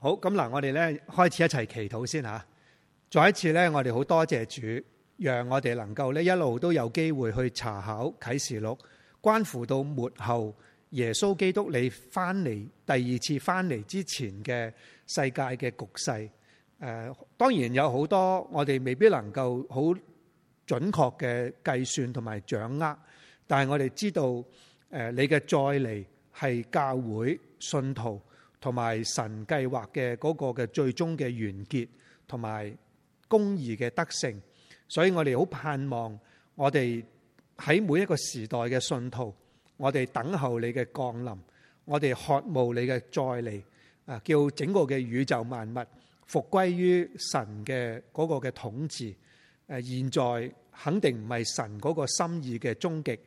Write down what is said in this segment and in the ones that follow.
好咁，嗱，那我哋咧開始一齊祈禱先吓。再一次咧，我哋好多謝主，讓我哋能夠咧一路都有機會去查考啟示錄，關乎到末後耶穌基督你翻嚟第二次翻嚟之前嘅世界嘅局勢。誒、呃，當然有好多我哋未必能夠好準確嘅計算同埋掌握，但係我哋知道誒，你嘅再嚟係教會信徒。同埋神計劃嘅嗰個嘅最終嘅完結，同埋公義嘅得勝，所以我哋好盼望我哋喺每一個時代嘅信徒，我哋等候你嘅降臨，我哋渴慕你嘅再嚟啊，叫整個嘅宇宙萬物復歸於神嘅嗰個嘅統治誒。現在肯定唔係神嗰個心意嘅終極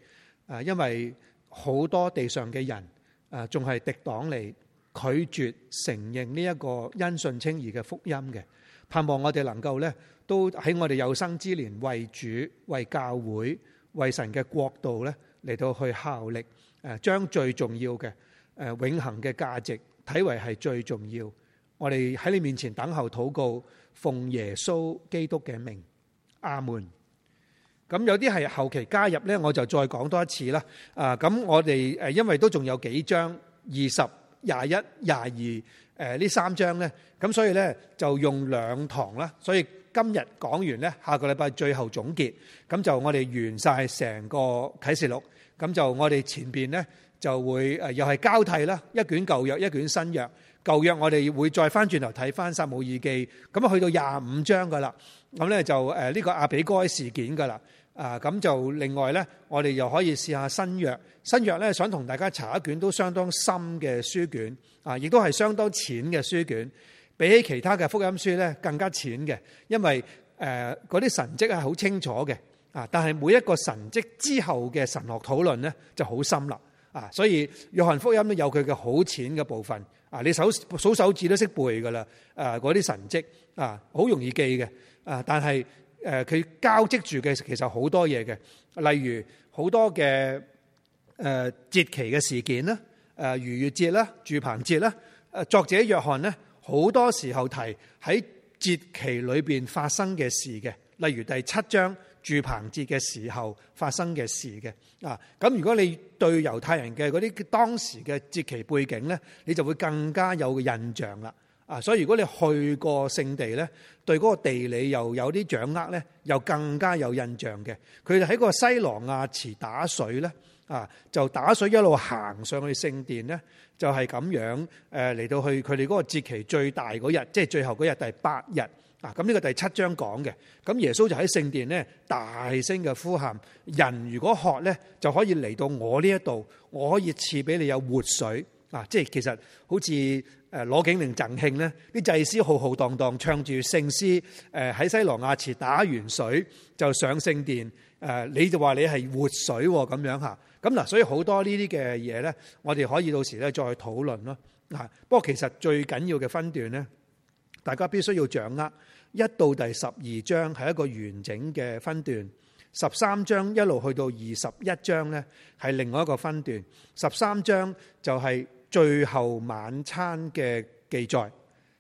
啊，因為好多地上嘅人啊，仲係敵擋嚟。拒絕承認呢一個因信稱義嘅福音嘅，盼望我哋能夠呢都喺我哋有生之年為主、為教會、為神嘅國度呢嚟到去效力。誒，將最重要嘅誒永恒嘅價值睇為係最重要。我哋喺你面前等候禱告，奉耶穌基督嘅名，阿門。咁有啲係後期加入呢，我就再講多一次啦。啊，咁我哋誒，因為都仲有幾章二十。廿一、廿二，誒呢三章咧，咁所以咧就用兩堂啦。所以今日講完咧，下個禮拜最後總結，咁就我哋完晒成個啟示錄。咁就我哋前面咧就會又係交替啦，一卷舊約，一卷新約。舊約我哋會再翻轉頭睇翻撒母耳記，咁啊去到廿五章噶啦，咁咧就誒呢個阿比該事件噶啦。啊，咁就另外呢，我哋又可以試下新約。新約呢，想同大家查一卷都相當深嘅書卷，啊，亦都係相當淺嘅書卷，比起其他嘅福音書呢，更加淺嘅。因為誒嗰啲神跡係好清楚嘅，啊，但係每一個神跡之後嘅神學討論呢，就好深啦，啊，所以約翰福音呢有佢嘅好淺嘅部分，啊，你手數手指都識背㗎喇，誒嗰啲神跡啊，好容易記嘅，啊，但係。誒佢交織住嘅其實好多嘢嘅，例如好多嘅誒節期嘅事件啦，誒逾越節啦、住棚節啦。誒作者約翰呢，好多時候提喺節期裏邊發生嘅事嘅，例如第七章住棚節嘅時候發生嘅事嘅。啊，咁如果你對猶太人嘅嗰啲當時嘅節期背景咧，你就會更加有印象啦。啊，所以如果你去過聖地咧，對嗰個地理又有啲掌握咧，又更加有印象嘅。佢哋喺個西羅亞池打水咧，啊，就打水一路行上去聖殿咧，就係咁樣誒嚟到去佢哋嗰個節期最大嗰日，即係最後嗰日第八日啊。咁呢個第七章講嘅，咁耶穌就喺聖殿咧大聲嘅呼喊：人如果渴咧，就可以嚟到我呢一度，我可以賜俾你有活水。啊，即係其實好似攞羅景明贈慶呢啲祭司浩浩蕩蕩，唱住聖詩，喺西羅亞池打完水就上聖殿，你就話你係活水喎、哦、咁樣吓，咁嗱，所以好多呢啲嘅嘢咧，我哋可以到時咧再討論咯。嗱，不過其實最緊要嘅分段咧，大家必須要掌握一到第十二章係一個完整嘅分段，十三章一路去到二十一章咧係另外一個分段，十三章就係、是。最後晚餐嘅記載，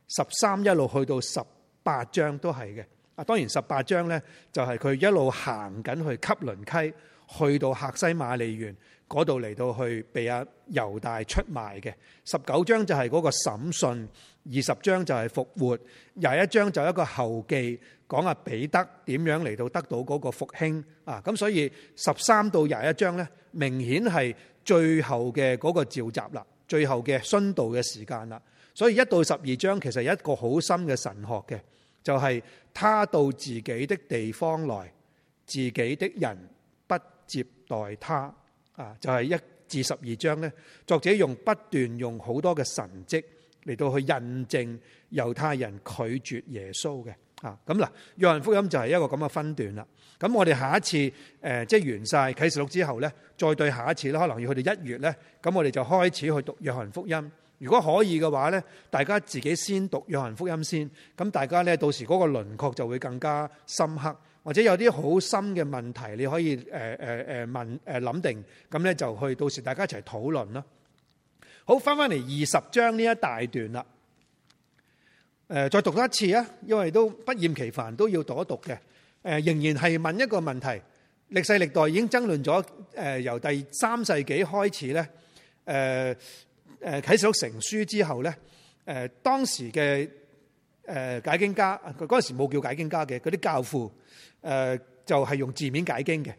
十三一路去到十八章都係嘅啊。當然十八章呢就係佢一路行緊去吸倫溪，去到客西馬利園嗰度嚟到去被阿猶大出賣嘅。十九章就係嗰個審訊，二十章就係復活，廿一章就係一個後記，講阿彼得點樣嚟到得到嗰個復興啊。咁所以十三到廿一章呢，明顯係最後嘅嗰個召集啦。最後嘅殉道嘅時間啦，所以一到十二章其實有一個好深嘅神學嘅，就係他到自己的地方來，自己的人不接待他啊，就係一至十二章呢，作者用不斷用好多嘅神蹟嚟到去印證猶太人拒絕耶穌嘅啊，咁嗱，約翰福音就係、是、一個咁嘅分段啦。咁我哋下一次，誒、呃、即係完晒啟示錄之後咧，再對下一次咧，可能要去到一月咧，咁我哋就開始去讀約翰福音。如果可以嘅話咧，大家自己先讀約翰福音先，咁大家咧到時嗰個輪廓就會更加深刻，或者有啲好深嘅問題，你可以誒誒誒問誒諗、啊、定，咁咧就去到時大家一齊討論囉。好，翻翻嚟二十章呢一大段啦，誒、呃、再讀多一次啊，因為都不厭其煩都要讀一讀嘅。誒仍然係問一個問題，歷世歷代已經爭論咗。誒、呃、由第三世紀開始咧，誒誒啟示錄成書之後咧，誒、呃、當時嘅誒、呃、解經家，佢嗰陣時冇叫解經家嘅嗰啲教父，誒、呃、就係、是、用字面解經嘅，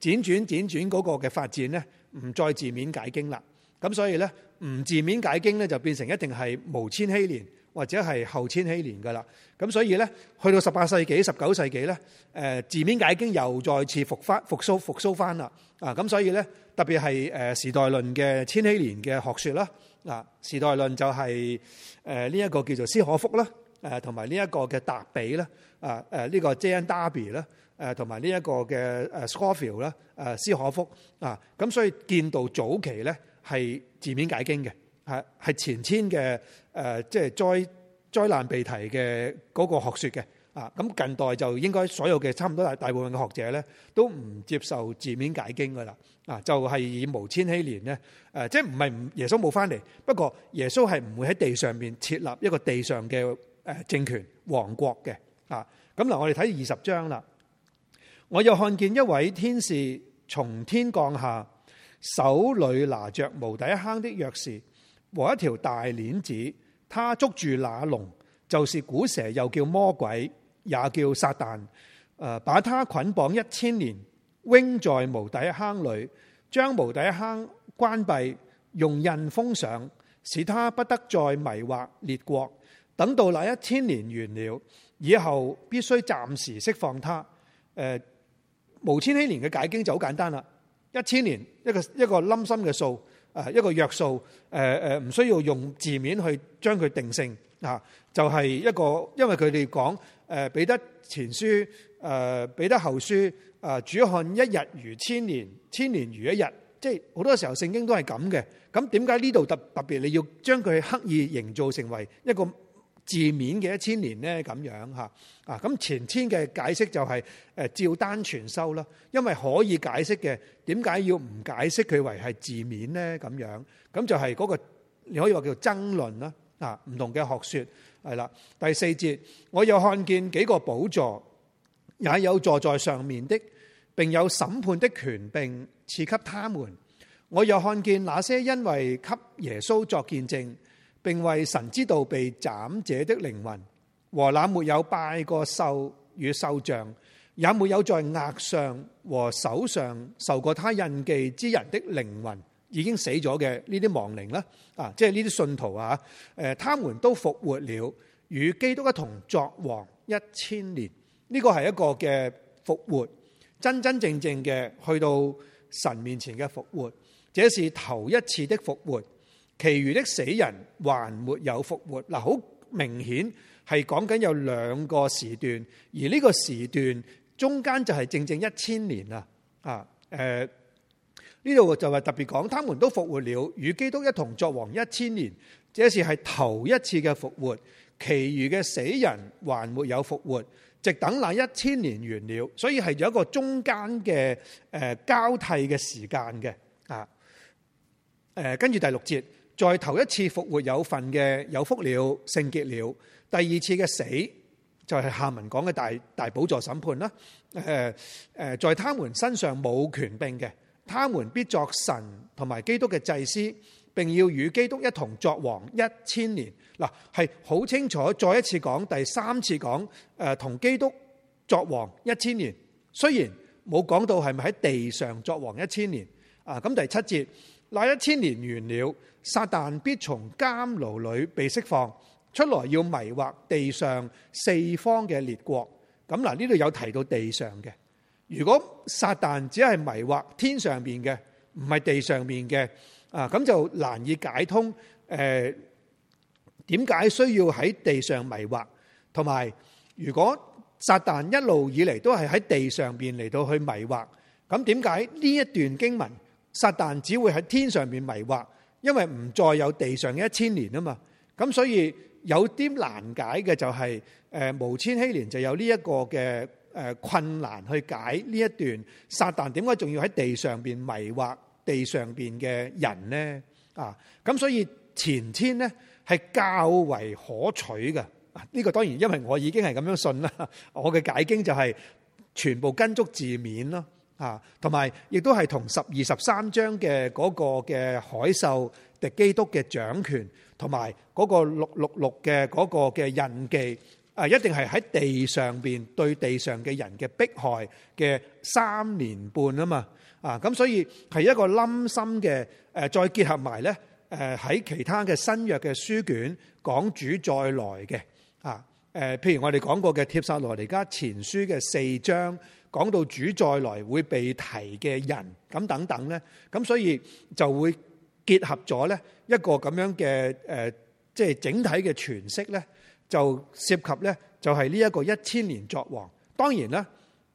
輾轉輾轉嗰個嘅發展咧，唔再字面解經啦。咁所以咧，唔字面解經咧就變成一定係無千禧年。或者係後千禧年嘅啦，咁所以咧，去到十八世紀、十九世紀咧，誒字面解經又再次復翻、復甦、復甦翻啦，啊咁所以咧，特別係誒時代論嘅千禧年嘅學説啦，啊時代論就係誒呢一個叫做斯可福啦，誒同埋呢一個嘅達比啦，啊誒呢個 John Darby 啦，誒同埋呢一個嘅誒 Scofield 啦，誒斯可福，啊咁、這個、所以見到早期咧係字面解經嘅。係係前千嘅誒，即係災災難被提嘅嗰個學説嘅啊。咁近代就應該所有嘅差唔多大大部分嘅學者咧，都唔接受字面解經噶啦啊，就係以無千禧年咧誒，即係唔係耶穌冇翻嚟，不過耶穌係唔會喺地上面設立一個地上嘅誒政權王國嘅啊。咁嗱，我哋睇二十章啦，我又看見一位天使從天降下，手裏拿着無底坑的鑰匙。和一條大鏈子，他捉住那龍，就是古蛇，又叫魔鬼，也叫撒旦。把他捆綁，綁一千年，扔在無底坑裏，將無底坑關閉，用印封上，使他不得再迷惑列國。等到那一千年完了以後，必須暫時釋放他。誒、呃，無千禧年嘅解經就好簡單啦，一千年一個一個冧心嘅數。誒一個約數，誒誒唔需要用字面去將佢定性，啊，就係、是、一個，因為佢哋講誒彼得前書，誒彼得後書，誒主看一日如千年，千年如一日，即係好多時候聖經都係咁嘅，咁點解呢度特特別你要將佢刻意營造成為一個字面嘅一千年呢，咁樣吓，啊咁前千嘅解釋就係誒照單全收啦，因為可以解釋嘅，點解要唔解釋佢為係字面呢？咁樣，咁就係嗰，那個你可以話叫做爭論啦，啊唔同嘅學説係啦。第四節，我又看見幾個寶座，也有坐在上面的，並有審判的權柄賜給他們。我又看見那些因為給耶穌作見證，並為神之道被斬者的靈魂和那沒有拜過獸與獸像，也沒有在額上和手上受過他印記之人的靈魂，已經死咗嘅呢啲亡靈啦，啊，即係呢啲信徒啊，誒，他們都復活了，與基督一同作王一千年。呢個係一個嘅復活，真真正正嘅去到神面前嘅復活，這是頭一次的復活。其餘的死人還沒有復活，嗱，好明顯係講緊有兩個時段，而呢個時段中間就係正正一千年啦，啊，誒，呢度就話特別講，他們都復活了，與基督一同作王一千年，這是係頭一次嘅復活，其餘嘅死人還沒有復活，直等那一千年完了，所以係有一個中間嘅誒交替嘅時間嘅，啊，誒，跟住第六節。在頭一次復活有份嘅有福了，聖潔了。第二次嘅死就係、是、下文講嘅大大寶座審判啦。誒、呃、誒、呃，在他們身上冇權柄嘅，他們必作神同埋基督嘅祭司，並要與基督一同作王一千年。嗱，係好清楚，再一次講，第三次講，誒、呃、同基督作王一千年。雖然冇講到係咪喺地上作王一千年啊。咁第七節，那一千年完了。撒旦必從監牢裏被釋放出來，要迷惑地上四方嘅列國。咁嗱，呢度有提到地上嘅。如果撒旦只係迷惑天上邊嘅，唔係地上邊嘅啊，咁就難以解通。誒點解需要喺地上迷惑？同埋，如果撒旦一路以嚟都係喺地上邊嚟到去迷惑，咁點解呢一段經文撒旦只會喺天上邊迷惑？因為唔再有地上嘅一千年啊嘛，咁所以有啲難解嘅就係、是、誒無千禧年就有呢一個嘅誒困難去解呢一段，撒旦點解仲要喺地上邊迷惑地上邊嘅人咧啊？咁所以前千咧係較為可取嘅啊！呢、這個當然因為我已經係咁樣信啦，我嘅解經就係全部跟足字面咯。啊，同埋亦都係同十二十三章嘅嗰個嘅海獸敵基督嘅掌權，同埋嗰個六六六嘅嗰個嘅印記，啊，一定係喺地上面對地上嘅人嘅迫害嘅三年半啊嘛，啊，咁所以係一個冧心嘅，誒，再結合埋咧，誒喺其他嘅新約嘅書卷講主再來嘅，啊，誒，譬如我哋講過嘅帖撒羅尼加前書嘅四章。講到主再來會被提嘅人咁等等呢，咁所以就會結合咗呢一個咁樣嘅誒、呃，即係整體嘅詮釋呢，就涉及呢就係呢一個一千年作王。當然啦，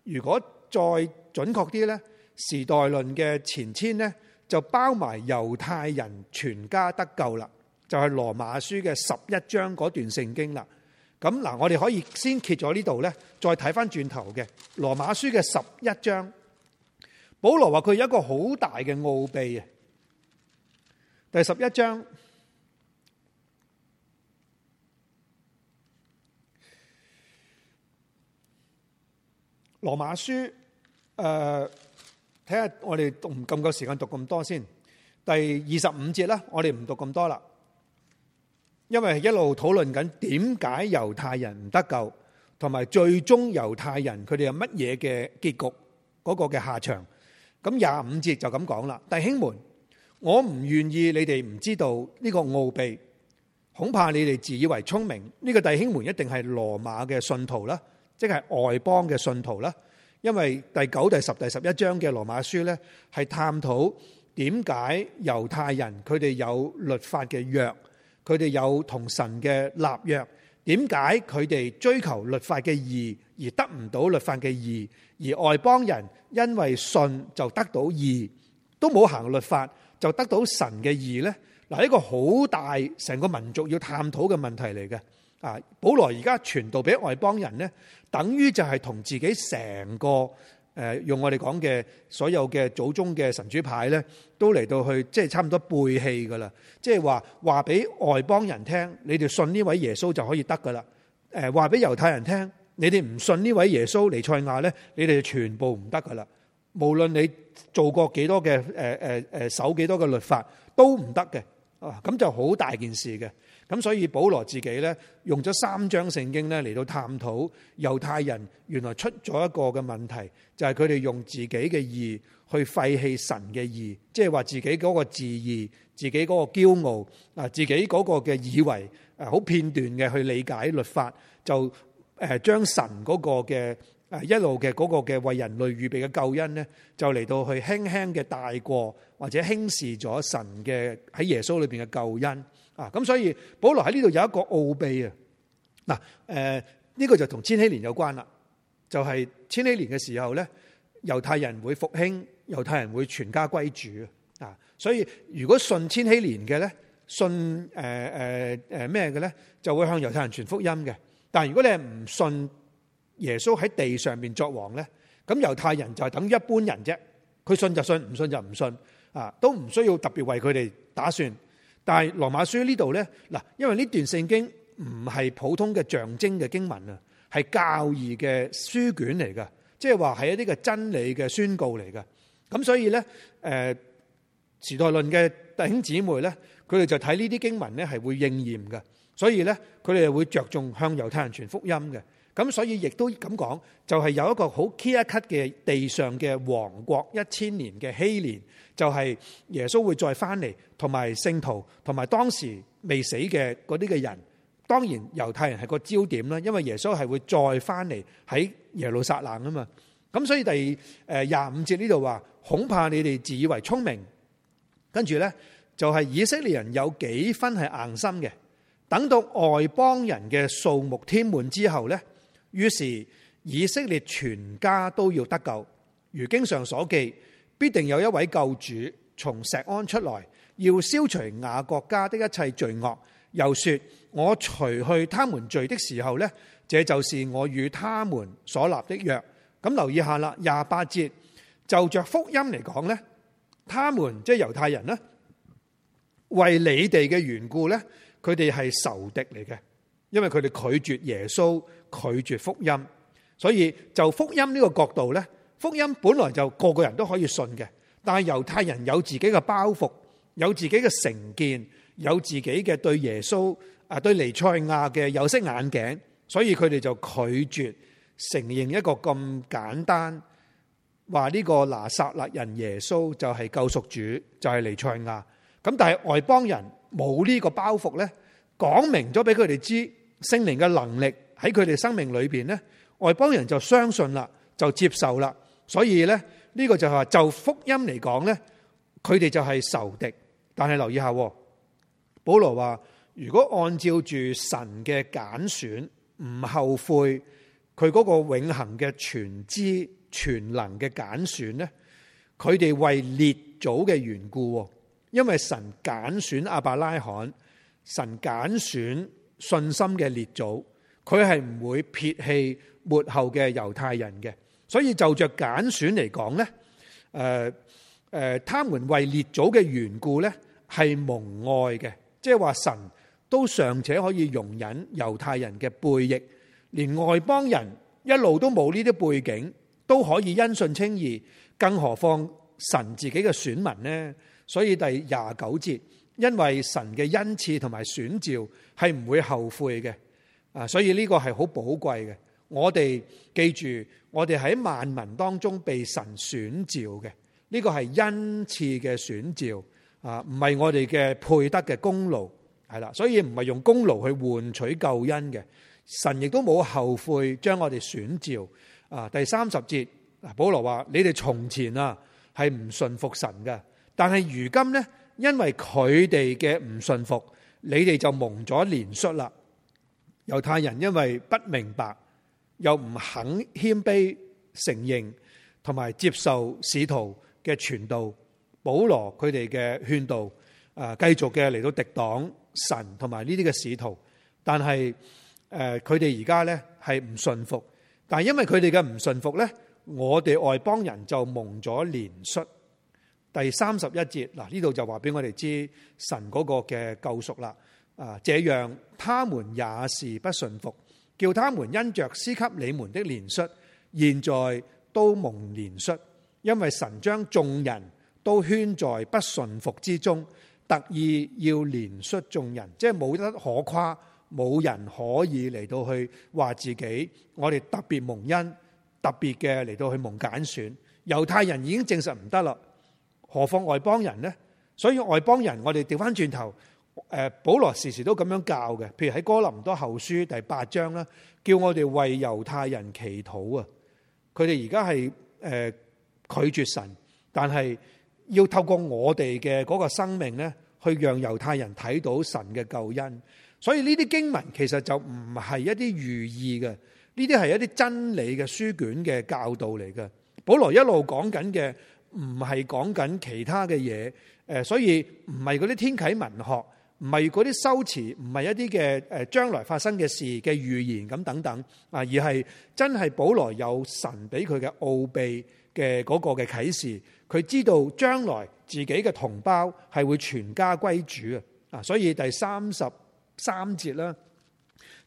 如果再準確啲呢，時代論嘅前千呢，就包埋猶太人全家得救啦，就係、是、羅馬書嘅十一章嗰段聖經啦。咁嗱，我哋可以先揭咗呢度咧，再睇翻轉頭嘅《羅馬書》嘅十一章。保羅話佢有一個好大嘅奧秘嘅。第十一章《羅馬書》，誒睇下我哋讀唔咁夠時間讀咁多先。第二十五節啦，我哋唔讀咁多啦。因為一路討論緊點解猶太人唔得救，同埋最終猶太人佢哋有乜嘢嘅結局？嗰個嘅下場？咁廿五節就咁講啦，弟兄們，我唔願意你哋唔知道呢個奧秘，恐怕你哋自以為聰明。呢個弟兄們一定係羅馬嘅信徒啦，即係外邦嘅信徒啦。因為第九、第十、第十一章嘅羅馬書呢，係探討點解猶太人佢哋有律法嘅約。佢哋有同神嘅立約，點解佢哋追求律法嘅義而得唔到律法嘅義，而外邦人因為信就得到義，都冇行律法就得到神嘅義呢？嗱，一個好大成個民族要探討嘅問題嚟嘅。啊，保羅而家傳道俾外邦人呢，等於就係同自己成個。誒用我哋講嘅所有嘅祖宗嘅神主牌咧，都嚟到去即係差唔多背棄噶啦。即係話話俾外邦人聽，你哋信呢位耶穌就可以得噶啦。誒話俾猶太人聽，你哋唔信呢位耶穌彌賽亞咧，你哋全部唔得噶啦。無論你做過幾多嘅誒誒誒守幾多嘅律法，都唔得嘅。啊，咁就好大件事嘅。咁所以保羅自己咧，用咗三章聖經咧嚟到探討猶太人原來出咗一個嘅問題，就係佢哋用自己嘅義去廢棄神嘅義，即係話自己嗰個自義、自己嗰個驕傲啊、自己嗰個嘅以為好片段嘅去理解律法，就誒將神嗰個嘅誒一路嘅嗰個嘅為人類預備嘅救恩呢，就嚟到去輕輕嘅帶過或者輕視咗神嘅喺耶穌裏邊嘅救恩。啊！咁所以保羅喺呢度有一個奧秘啊！嗱，誒，呢個就同千禧年有關啦。就係千禧年嘅時候咧，猶太人會復興，猶太人會全家歸主啊！所以如果信千禧年嘅咧，信誒誒誒咩嘅咧，就會向猶太人傳福音嘅。但係如果你係唔信耶穌喺地上面作王咧，咁猶太人就係等於一般人啫。佢信就信，唔信就唔信啊！都唔需要特別為佢哋打算。但係羅馬書呢度咧，嗱，因為呢段聖經唔係普通嘅象徵嘅經文啊，係教義嘅書卷嚟噶，即係話係一啲嘅真理嘅宣告嚟噶。咁所以咧，誒、呃，時代論嘅弟兄姊妹咧，佢哋就睇呢啲經文咧係會應驗嘅，所以咧佢哋會着重向猶太人傳福音嘅。咁所以亦都咁講，就係有一個好 key 一級嘅地上嘅王國，一千年嘅希年，就係耶穌會再翻嚟，同埋聖徒，同埋當時未死嘅嗰啲嘅人。當然猶太人係個焦點啦，因為耶穌係會再翻嚟喺耶路撒冷啊嘛。咁所以第誒廿五節呢度話，恐怕你哋自以為聰明，跟住咧就係以色列人有幾分係硬心嘅，等到外邦人嘅數目添滿之後咧。於是以色列全家都要得救。如經上所記，必定有一位救主從石安出來，要消除雅各家的一切罪惡。又說：我除去他們罪的時候呢，這就是我與他們所立的約。咁留意一下啦，廿八節就着福音嚟講呢，他們即係、就是、猶太人呢，為你哋嘅緣故呢，佢哋係仇敵嚟嘅，因為佢哋拒絕耶穌，拒絕福音，所以就福音呢個角度呢，福音本來就個個人都可以信嘅。但係猶太人有自己嘅包袱，有自己嘅成見，有自己嘅對耶穌啊，對尼賽亞嘅有色眼鏡，所以佢哋就拒絕承認一個咁簡單話呢個拿撒勒人耶穌就係救贖主，就係尼賽亞咁。但係外邦人冇呢個包袱呢，講明咗俾佢哋知聖靈嘅能力。喺佢哋生命裏邊咧，外邦人就相信啦，就接受啦。所以咧，呢個就係話就福音嚟講咧，佢哋就係仇敵。但係留意下，保羅話：如果按照住神嘅揀選，唔後悔佢嗰個永恒嘅全知全能嘅揀選咧，佢哋為列祖嘅緣故，因為神揀選亞伯拉罕，神揀選信心嘅列祖。佢係唔會撇棄末後嘅猶太人嘅，所以就着揀選嚟講咧，誒誒，他們為列祖嘅緣故咧係蒙愛嘅，即係話神都尚且可以容忍猶太人嘅背逆，連外邦人一路都冇呢啲背景都可以因信稱義，更何況神自己嘅選民呢？所以第廿九節，因為神嘅恩賜同埋選召係唔會後悔嘅。啊，所以呢個係好寶貴嘅。我哋記住，我哋喺萬民當中被神選召嘅，呢、這個係恩賜嘅選召啊，唔係我哋嘅配得嘅功勞係啦。所以唔係用功勞去換取救恩嘅。神亦都冇後悔將我哋選召。啊，第三十節，保羅話：你哋從前啊係唔信服神嘅，但係如今呢，因為佢哋嘅唔信服，你哋就蒙咗憐恤啦。猶太人因為不明白，又唔肯謙卑承認同埋接受使徒嘅傳道，保羅佢哋嘅勸導，誒繼續嘅嚟到敵擋神同埋呢啲嘅使徒，但係誒佢哋而家咧係唔信服，但係因為佢哋嘅唔信服咧，我哋外邦人就蒙咗憐恤。第三十一節，嗱呢度就話俾我哋知神嗰個嘅救贖啦。啊！這樣他們也是不順服，叫他們因着施給你們的憐恤。現在都蒙憐恤，因為神將眾人都圈在不順服之中，特意要憐恤眾人，即係冇得可誇，冇人可以嚟到去話自己，我哋特別蒙恩，特別嘅嚟到去蒙揀選。猶太人已經證實唔得啦，何況外邦人呢？所以外邦人，我哋調翻轉頭。誒，保羅時時都咁樣教嘅，譬如喺哥林多後書第八章啦，叫我哋為猶太人祈禱啊。佢哋而家係誒拒絕神，但係要透過我哋嘅嗰個生命咧，去讓猶太人睇到神嘅救恩。所以呢啲經文其實就唔係一啲寓意嘅，呢啲係一啲真理嘅書卷嘅教導嚟嘅。保羅一路講緊嘅，唔係講緊其他嘅嘢，誒，所以唔係嗰啲天啟文學。唔係嗰啲修辭，唔係一啲嘅誒將來發生嘅事嘅預言咁等等啊，而係真係保羅有神俾佢嘅奧秘嘅嗰個嘅啟示，佢知道將來自己嘅同胞係會全家歸主啊！啊，所以第三十三節咧，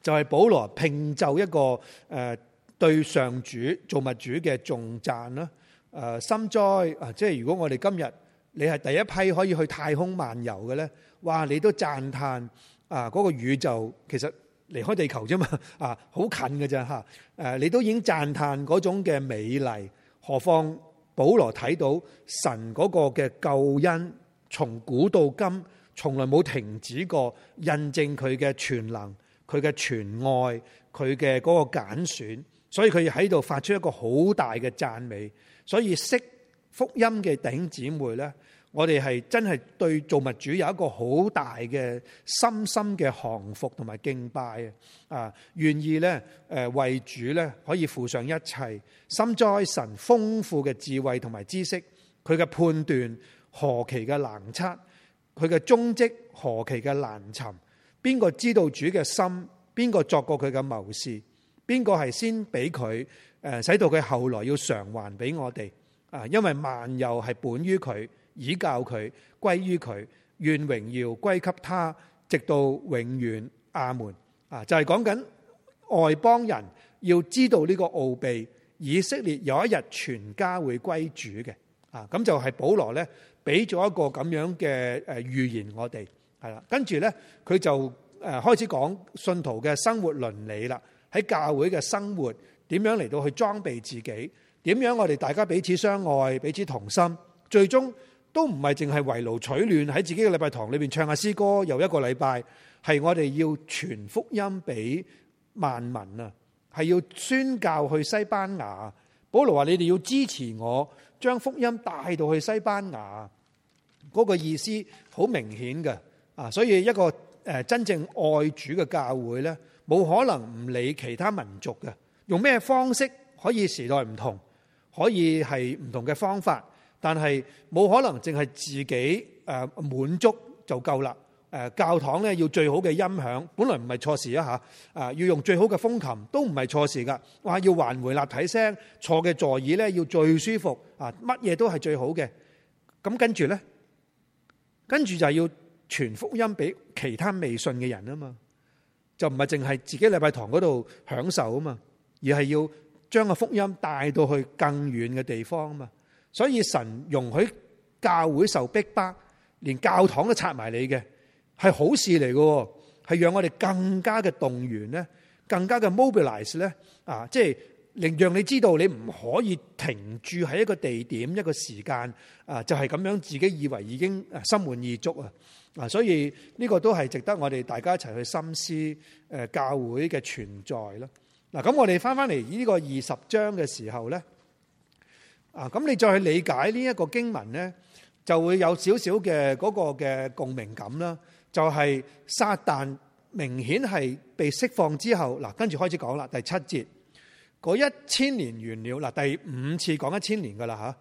就係、是、保羅拼就一個誒對上主造物主嘅重讚啦！誒深哉啊，即係如果我哋今日你係第一批可以去太空漫遊嘅咧～哇！你都讚嘆啊，嗰個宇宙其實離開地球啫嘛，啊，好近㗎咋。吓。誒，你都已經讚嘆嗰種嘅美麗，何況保羅睇到神嗰個嘅救恩，從古到今從來冇停止過，印證佢嘅全能、佢嘅全愛、佢嘅嗰個揀選，所以佢喺度發出一個好大嘅讚美。所以識福音嘅頂姊妹咧，我哋係真係對造物主有一個好大嘅深深嘅降服同埋敬拜啊！願意咧，誒，為主咧可以付上一切。深哉神豐富嘅智慧同埋知識，佢嘅判斷何其嘅難測，佢嘅蹤跡何其嘅難尋。邊個知道主嘅心？邊個作過佢嘅謀士？邊個係先俾佢？誒，使到佢後來要償還俾我哋啊！因為萬有係本於佢。倚靠佢，歸於佢，願榮耀歸給他，直到永遠。阿門。啊，就係講緊外邦人要知道呢個奧秘，以色列有一日全家會歸主嘅。啊，咁就係保羅呢俾咗一個咁樣嘅誒預言我哋係啦。跟住呢，佢就誒開始講信徒嘅生活倫理啦，喺教會嘅生活點樣嚟到去裝備自己，點樣我哋大家彼此相，相愛，彼此同心，最終都唔係淨係圍爐取暖喺自己嘅禮拜堂裏面唱下詩歌，又一個禮拜係我哋要傳福音俾萬民啊，係要宣教去西班牙。保羅話：你哋要支持我，將福音帶到去西班牙。嗰、那個意思好明顯嘅啊，所以一個誒真正愛主嘅教會呢，冇可能唔理其他民族嘅，用咩方式可以時代唔同，可以係唔同嘅方法。但係冇可能淨係自己誒滿足就夠啦！誒，教堂咧要最好嘅音響，本來唔係錯事啊吓啊，要用最好嘅風琴都唔係錯事噶。話要還回立體聲，坐嘅座椅咧要最舒服啊，乜嘢都係最好嘅。咁跟住咧，跟住就係要傳福音俾其他未信嘅人啊嘛，就唔係淨係自己禮拜堂嗰度享受啊嘛，而係要將個福音帶到去更遠嘅地方啊嘛。所以神容許教會受逼迫，迫，連教堂都拆埋你嘅，係好事嚟嘅，係讓我哋更加嘅動員咧，更加嘅 mobilize 咧，啊，即係令讓你知道你唔可以停住喺一個地點一個時間，啊，就係咁樣自己以為已經心滿意足啊，啊，所以呢個都係值得我哋大家一齊去深思，誒，教會嘅存在啦。嗱，咁我哋翻翻嚟呢個二十章嘅時候咧。啊，咁你再去理解呢一個經文咧，就會有少少嘅嗰個嘅共鳴感啦。就係撒但明顯係被釋放之後，嗱，跟住開始講啦，第七節嗰一千年完了，嗱，第五次講一千年噶啦嚇。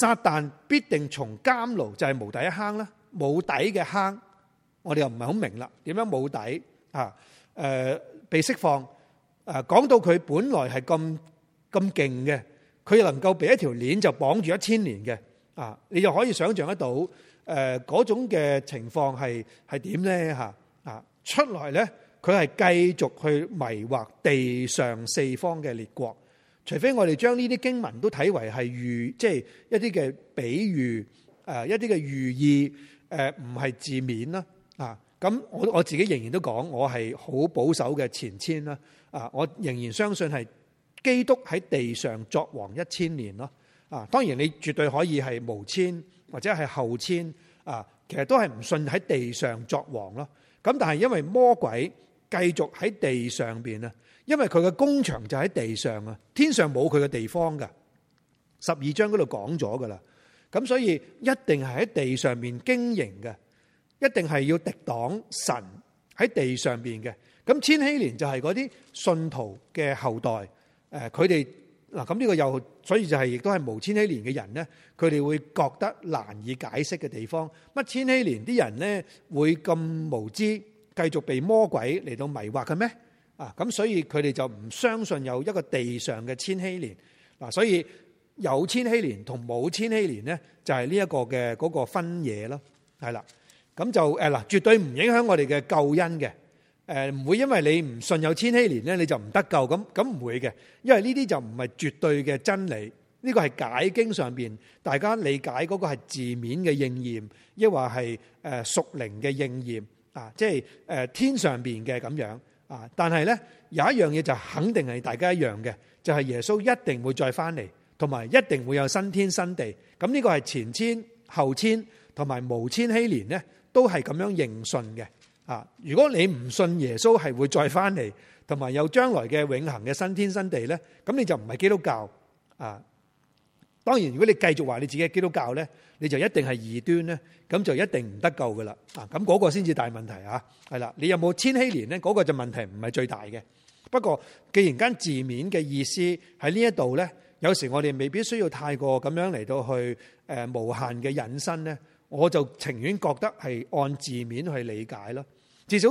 撒但必定從監牢就係無底坑啦，冇底嘅坑，我哋又唔係好明啦，點樣冇底啊？誒，被釋放啊，講到佢本來係咁咁勁嘅。佢能夠俾一條鏈就綁住一千年嘅，啊！你就可以想象得到，誒嗰種嘅情況係係點咧？嚇啊！出嚟咧，佢係繼續去迷惑地上四方嘅列國，除非我哋將呢啲經文都睇為係預，即係一啲嘅比喻，誒、呃、一啲嘅寓意，誒唔係字面啦，啊！咁我我自己仍然都講，我係好保守嘅前千啦，啊！我仍然相信係。基督喺地上作王一千年咯，啊，當然你絕對可以係無千或者係後千，啊，其實都係唔信喺地上作王咯。咁但係因為魔鬼繼續喺地上邊啊，因為佢嘅工場就喺地上啊，天上冇佢嘅地方噶。十二章嗰度講咗噶啦，咁所以一定係喺地上面經營嘅，一定係要敵擋神喺地上邊嘅。咁千禧年就係嗰啲信徒嘅後代。誒佢哋，嗱，咁呢個又，所以就係亦都係無千禧年嘅人咧，佢哋會覺得難以解釋嘅地方，乜千禧年啲人咧會咁無知，繼續被魔鬼嚟到迷惑嘅咩啊？咁所以佢哋就唔相信有一個地上嘅千禧年嗱，所以有千禧年同冇千禧年咧就係呢一個嘅嗰個分野咯，係啦。咁就誒，嗱，絕對唔影響我哋嘅救恩嘅。誒唔會因為你唔信有千禧年咧，你就唔得救咁咁唔會嘅，因為呢啲就唔係絕對嘅真理，呢、這個係解經上邊大家理解嗰個係字面嘅應驗，亦或係誒屬靈嘅應驗啊，即係誒天上邊嘅咁樣啊。但係咧有一樣嘢就肯定係大家一樣嘅，就係、是、耶穌一定會再翻嚟，同埋一定會有新天新地。咁、這、呢個係前千、後千同埋無千禧年咧，都係咁樣認信嘅。啊！如果你唔信耶穌係會再翻嚟，同埋有將來嘅永恆嘅新天新地咧，咁你就唔係基督教啊！當然，如果你繼續話你自己係基督教咧，你就一定係異端咧，咁就一定唔得救噶啦！啊，咁嗰個先至大問題啊，係啦，你有冇千禧年咧？嗰個就問題唔係最大嘅。不過，既然間字面嘅意思喺呢一度咧，有時我哋未必需要太過咁樣嚟到去誒無限嘅引申咧，我就情願覺得係按字面去理解咯。至少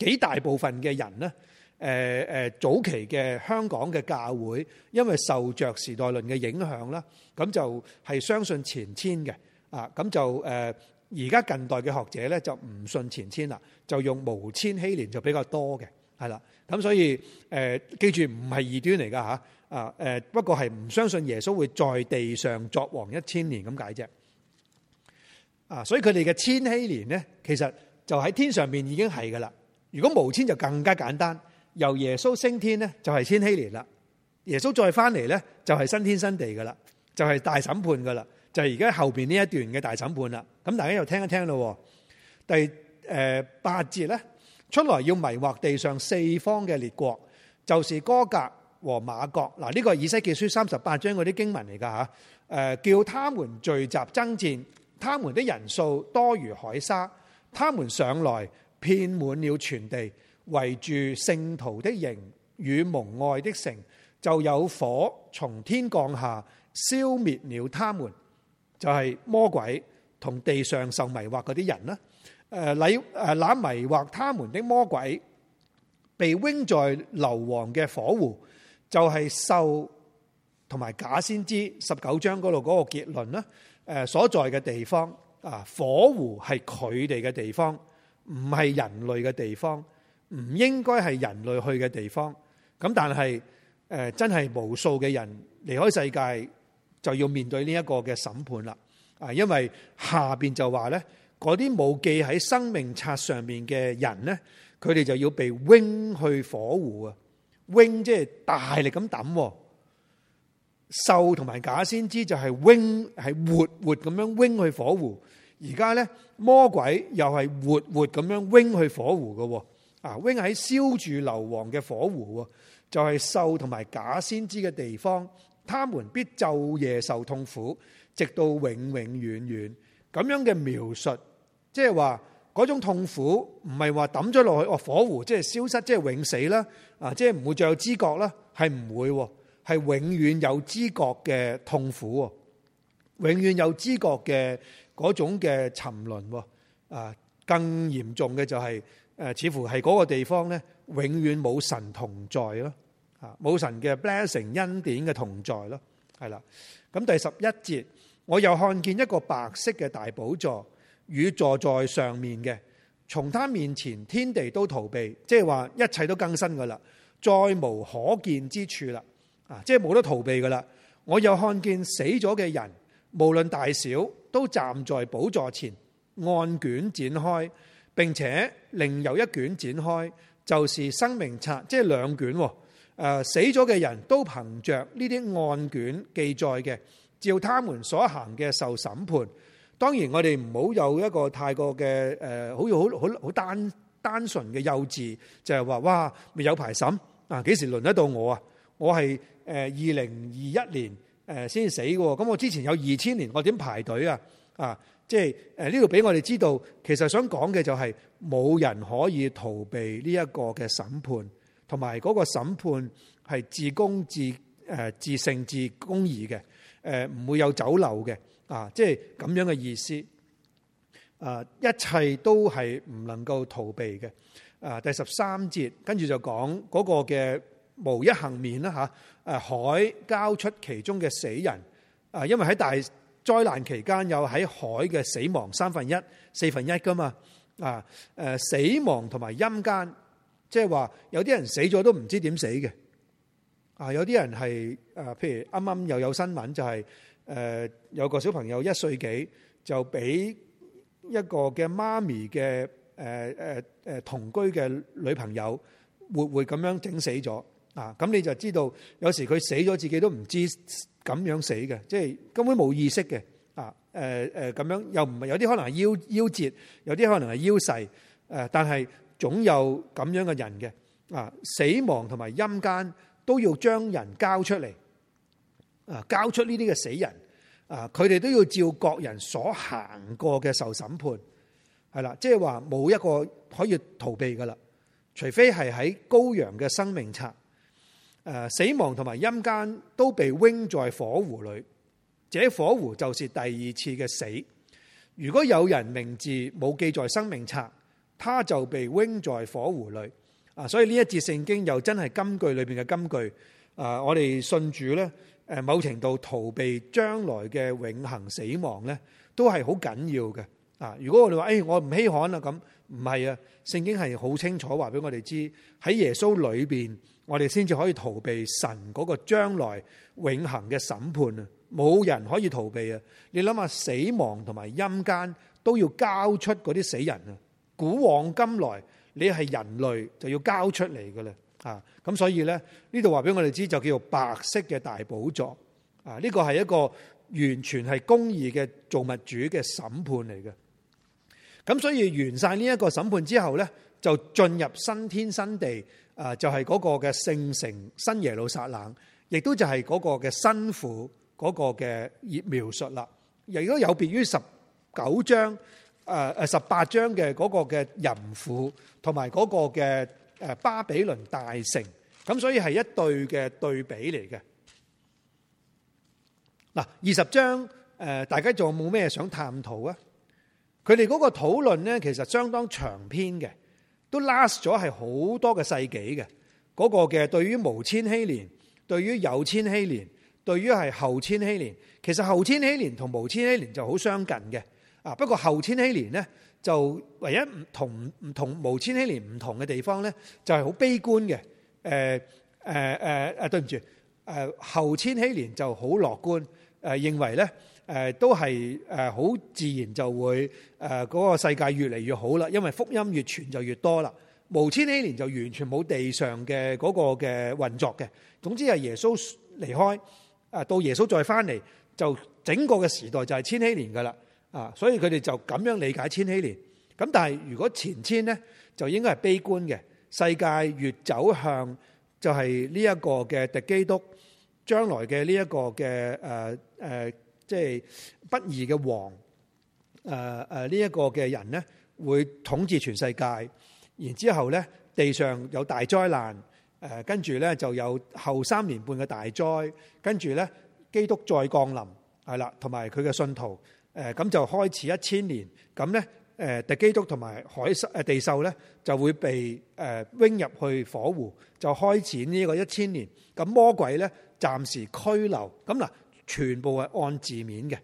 幾大部分嘅人咧，誒誒早期嘅香港嘅教會，因為受着時代論嘅影響啦，咁就係相信前千嘅，啊咁就誒而家近代嘅學者咧就唔信前千啦，就用無千禧年就比較多嘅，係啦，咁所以誒記住唔係異端嚟㗎吓，啊誒不過係唔相信耶穌會在地上作王一千年咁解啫，啊所以佢哋嘅千禧年咧其實。就喺天上面已經係噶啦，如果無天就更加簡單。由耶穌升天咧，就係千禧年啦。耶穌再翻嚟咧，就係新天新地噶啦，就係、是、大審判噶啦，就係而家後邊呢一段嘅大審判啦。咁大家又聽一聽了，第誒八節咧，出來要迷惑地上四方嘅列國，就是歌革和瑪各。嗱，呢個以西結書三十八章嗰啲經文嚟噶吓，誒叫他們聚集爭戰，他們的人數多如海沙。他們上來遍滿了全地，圍住聖徒的營與蒙愛的城，就有火從天降下，消滅了他們。就係魔鬼同地上受迷惑嗰啲人啦。誒，嚟誒，那迷惑他們的魔鬼被扔在硫磺嘅火湖，就係獸同埋假先知十九章嗰度嗰個結論啦。誒，所在嘅地方。啊！火湖係佢哋嘅地方，唔係人類嘅地方，唔應該係人類去嘅地方。咁但係，誒真係無數嘅人離開世界，就要面對呢一個嘅審判啦。啊，因為下邊就話咧，嗰啲冇記喺生命冊上面嘅人咧，佢哋就要被扔去火湖，啊！扔即係大力咁抌。獸同埋假先知就係 wing 係活活咁樣 wing 去火湖，而家咧魔鬼又係活活咁樣 wing 去火湖嘅。啊 wing 喺，燒住硫磺嘅火湖，就係獸同埋假先知嘅地方，他們必晝夜受痛苦，直到永永遠遠。咁樣嘅描述，即係話嗰種痛苦唔係話抌咗落去哦，火湖即係消失即，即係永死啦，啊即係唔會再有知覺啦，係唔會。係永遠有知覺嘅痛苦，永遠有知覺嘅嗰種嘅沉淪。啊，更嚴重嘅就係、是、誒，似乎係嗰個地方咧，永遠冇神同在咯，啊冇神嘅 blessing 恩典嘅同在咯，係啦。咁第十一節，我又看見一個白色嘅大寶座，與坐在上面嘅，從他面前天地都逃避，即係話一切都更新噶啦，再無可見之處啦。啊！即係冇得逃避㗎喇。我又看見死咗嘅人，無論大小，都站在寶座前，案卷展開，並且另有一卷展開，就是生命冊，即係兩卷喎、呃。死咗嘅人都憑着呢啲案卷記載嘅，照他們所行嘅受審判。當然，我哋唔好有一個太過嘅誒，好好好好單單純嘅幼稚，就係、是、話哇，咪有排審啊，幾時輪得到我啊？我係。誒二零二一年誒先死嘅喎，咁我之前有二千年，我點排隊啊？啊，即係誒呢度俾我哋知道，其實想講嘅就係冇人可以逃避呢一個嘅審判，同埋嗰個審判係自公自誒自聖自公義嘅，誒唔會有走漏嘅，啊，即係咁樣嘅意思。啊，一切都係唔能夠逃避嘅。啊，第十三節跟住就講嗰個嘅。無一幸免啦，吓！海交出其中嘅死人，啊，因為喺大災難期間有喺海嘅死亡三分一、四分一噶嘛，啊，誒死亡同埋陰間，即係話有啲人死咗都唔知點死嘅，啊，有啲人係誒，譬如啱啱又有新聞就係，誒有個小朋友一歲幾就俾一個嘅媽咪嘅，誒誒誒同居嘅女朋友活活咁樣整死咗。啊！咁你就知道，有時佢死咗自己都唔知咁樣死嘅，即係根本冇意識嘅。啊，誒誒咁樣又唔係有啲可能係夭夭折，有啲可能係夭逝。誒，但係總有咁樣嘅人嘅。啊，死亡同埋陰間都要將人交出嚟。啊，交出呢啲嘅死人。啊，佢哋都要照各人所行過嘅受審判。係啦，即係話冇一個可以逃避噶啦，除非係喺羔羊嘅生命冊。誒，死亡同埋陰間都被扔在火湖裏，這火湖就是第二次嘅死。如果有人名字冇記在生命冊，他就被扔在火湖裏。啊，所以呢一節聖經又真係金句裏邊嘅金句。啊，我哋信主咧，誒，某程度逃避將來嘅永恒死亡咧，都係好緊要嘅。啊，如果我哋話，誒，我唔稀罕啦，咁唔係啊，聖經係好清楚話俾我哋知喺耶穌裏邊。我哋先至可以逃避神嗰個將來永恒嘅審判啊！冇人可以逃避啊！你諗下死亡同埋陰間都要交出嗰啲死人啊！古往今來，你係人類就要交出嚟噶啦啊！咁所以咧，呢度話俾我哋知就叫做白色嘅大寶座啊！呢個係一個完全係公義嘅造物主嘅審判嚟嘅。咁所以完晒呢一個審判之後咧，就進入新天新地。啊，就係嗰個嘅聖城新耶路撒冷，亦都就係嗰個嘅新婦嗰個嘅熱描述啦，亦都有別於十九章、誒誒十八章嘅嗰個嘅淫婦，同埋嗰個嘅誒巴比倫大城，咁所以係一對嘅對比嚟嘅。嗱，二十章誒，大家仲有冇咩想探討啊？佢哋嗰個討論咧，其實相當長篇嘅。都 last 咗係好多個世紀嘅嗰個嘅，對於無千禧年，對於有千禧年，對於係後千禧年，其實後千禧年同無千禧年就好相近嘅啊。不過後千禧年咧就唯一唔同唔同無千禧年唔同嘅地方咧，就係好悲觀嘅。誒誒誒誒，對唔住誒後千禧年就好樂觀誒，認為咧。誒都係誒好自然就會誒嗰個世界越嚟越好啦，因為福音越傳就越多啦。無千禧年就完全冇地上嘅嗰個嘅運作嘅。總之係耶穌離開啊，到耶穌再返嚟就整個嘅時代就係千禧年㗎喇啊，所以佢哋就咁樣理解千禧年。咁但係如果前千咧，就應該係悲觀嘅，世界越走向就係呢一個嘅敵基督，將來嘅呢一個嘅誒誒。即係不義嘅王，誒誒呢一個嘅人呢會統治全世界。然之後呢，地上有大災難，誒跟住呢就有後三年半嘅大災。跟住呢，基督再降臨，係啦，同埋佢嘅信徒，誒、呃、咁就開始一千年。咁呢，誒、呃、敵基督同埋海誒地獸呢就會被誒扔、呃、入去火湖，就開展呢個一千年。咁魔鬼呢，暫時拘留。咁嗱。全部係按字面嘅，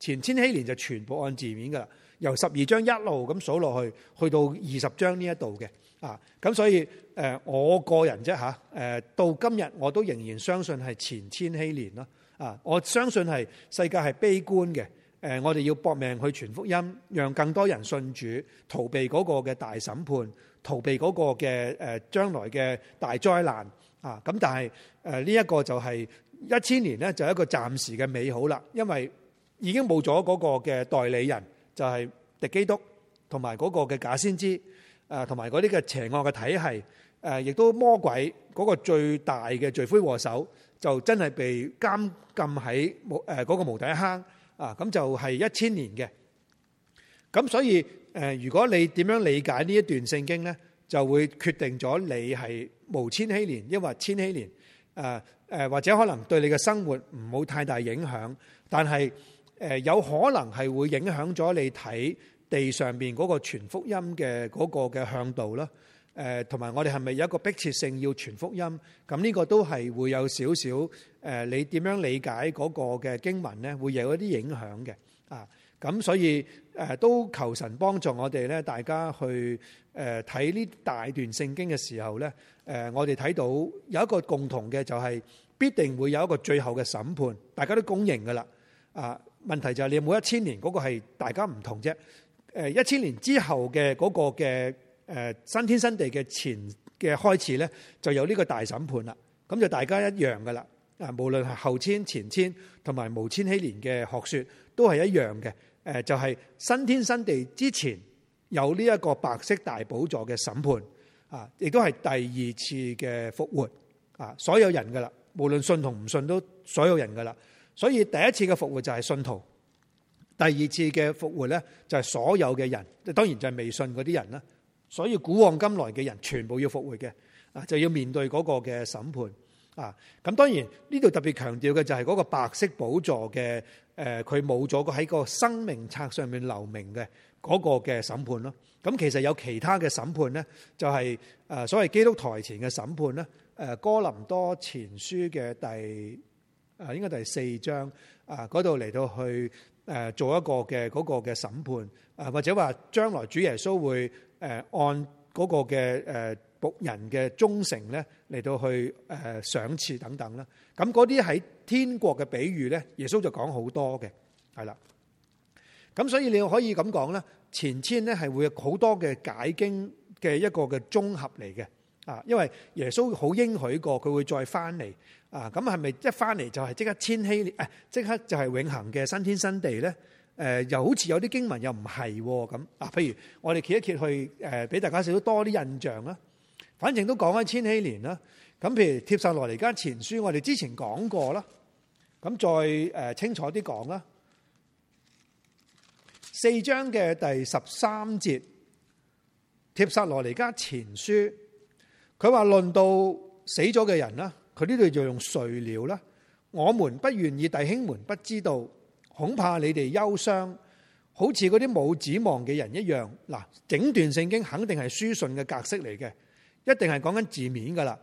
前千禧年就全部按字面噶啦，由十二章一路咁數落去，去到二十章呢一度嘅啊，咁所以誒、呃，我個人啫嚇，誒、啊、到今日我都仍然相信係前千禧年咯啊，我相信係世界係悲觀嘅，誒、啊、我哋要搏命去傳福音，讓更多人信主，逃避嗰個嘅大審判，逃避嗰個嘅誒、啊、將來嘅大災難啊，咁但係誒呢一個就係、是。一千年咧就係一個暫時嘅美好啦，因為已經冇咗嗰個嘅代理人，就係敵基督同埋嗰個嘅假先知，誒，同埋嗰啲嘅邪惡嘅體系，誒，亦都魔鬼嗰個最大嘅罪魁禍首，就真係被監禁喺無誒嗰個無底坑啊！咁就係一千年嘅。咁所以誒，如果你點樣理解呢一段聖經咧，就會決定咗你係無千禧年，抑或千禧年，誒。誒或者可能對你嘅生活唔冇太大影響，但係誒有可能係會影響咗你睇地上邊嗰個傳福音嘅嗰個嘅向度啦。誒同埋我哋係咪有一個迫切性要傳福音？咁呢個都係會有少少誒，你點樣理解嗰個嘅經文咧，會有一啲影響嘅。啊，咁所以誒都求神幫助我哋咧，大家去誒睇呢大段聖經嘅時候咧。誒，我哋睇到有一個共同嘅就係必定會有一個最後嘅審判，大家都公認嘅啦。啊，問題就係你每一千年嗰個係大家唔同啫。誒，一千年之後嘅嗰個嘅誒新天新地嘅前嘅開始咧，就有呢個大審判啦。咁就大家一樣嘅啦。啊，無論係後千、前千同埋無千禧年嘅學説，都係一樣嘅。誒，就係新天新地之前有呢一個白色大寶座嘅審判。啊！亦都係第二次嘅復活啊！所有人噶啦，無論信同唔信都所有人噶啦。所以第一次嘅復活就係信徒，第二次嘅復活咧就係所有嘅人，當然就係未信嗰啲人啦。所以古往今來嘅人全部要復活嘅啊，就要面對嗰個嘅審判啊！咁當然呢度特別強調嘅就係嗰個白色寶座嘅誒，佢冇咗個喺個生命冊上面留名嘅。嗰個嘅審判咯，咁其實有其他嘅審判咧，就係、是、誒所謂基督台前嘅審判啦。誒哥林多前書嘅第誒應該第四章啊嗰度嚟到去誒做一個嘅嗰個嘅審判，誒或者話將來主耶穌會誒按嗰個嘅誒僕人嘅忠誠咧嚟到去誒賞賜等等啦，咁嗰啲喺天國嘅比喻咧，耶穌就講好多嘅，係啦。咁所以你可以咁講咧，前千咧係會有好多嘅解經嘅一個嘅綜合嚟嘅，啊，因為耶穌好應許過佢會再翻嚟，啊，咁係咪一翻嚟就係即刻千禧年？即、哎、刻就係永恆嘅新天新地咧？誒、呃，又好似有啲經文又唔係咁，啊，譬如我哋揭一揭去誒，俾、呃、大家少多啲印象啦。反正都講翻千禧年啦，咁、啊、譬如帖撒羅尼迦前書，我哋之前講過啦，咁、啊、再誒、呃、清楚啲講啦。四章嘅第十三節，帖撒羅尼加前書，佢話論到死咗嘅人呢佢呢度就用「睡了」啦。我們不願意弟兄們不知道，恐怕你哋憂傷，好似嗰啲冇指望嘅人一樣。嗱，整段聖經肯定係書信嘅格式嚟嘅，一定係講緊字面噶啦，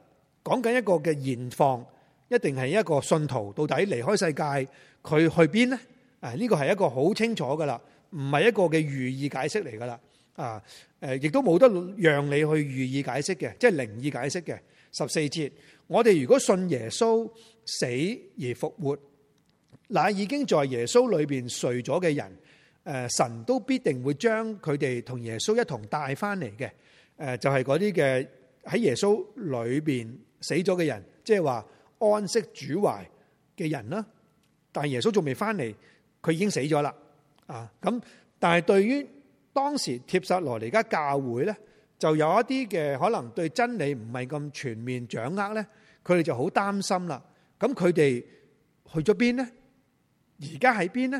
講緊一個嘅現況，一定係一個信徒到底離開世界佢去邊呢？啊，呢個係一個好清楚噶啦。唔係一個嘅寓意解釋嚟噶啦，啊，誒，亦都冇得讓你去寓意解釋嘅，即係靈意解釋嘅。十四節，我哋如果信耶穌死而復活，嗱已經在耶穌裏邊睡咗嘅人，誒，神都必定會將佢哋同耶穌一同帶翻嚟嘅。誒，就係嗰啲嘅喺耶穌裏邊死咗嘅人，即係話安息主懷嘅人啦。但係耶穌仲未翻嚟，佢已經死咗啦。啊，咁但係對於當時帖撒羅尼迦教會咧就有一啲嘅可能對真理唔係咁全面掌握咧，佢哋就好擔心啦。咁佢哋去咗邊呢？而家喺邊呢？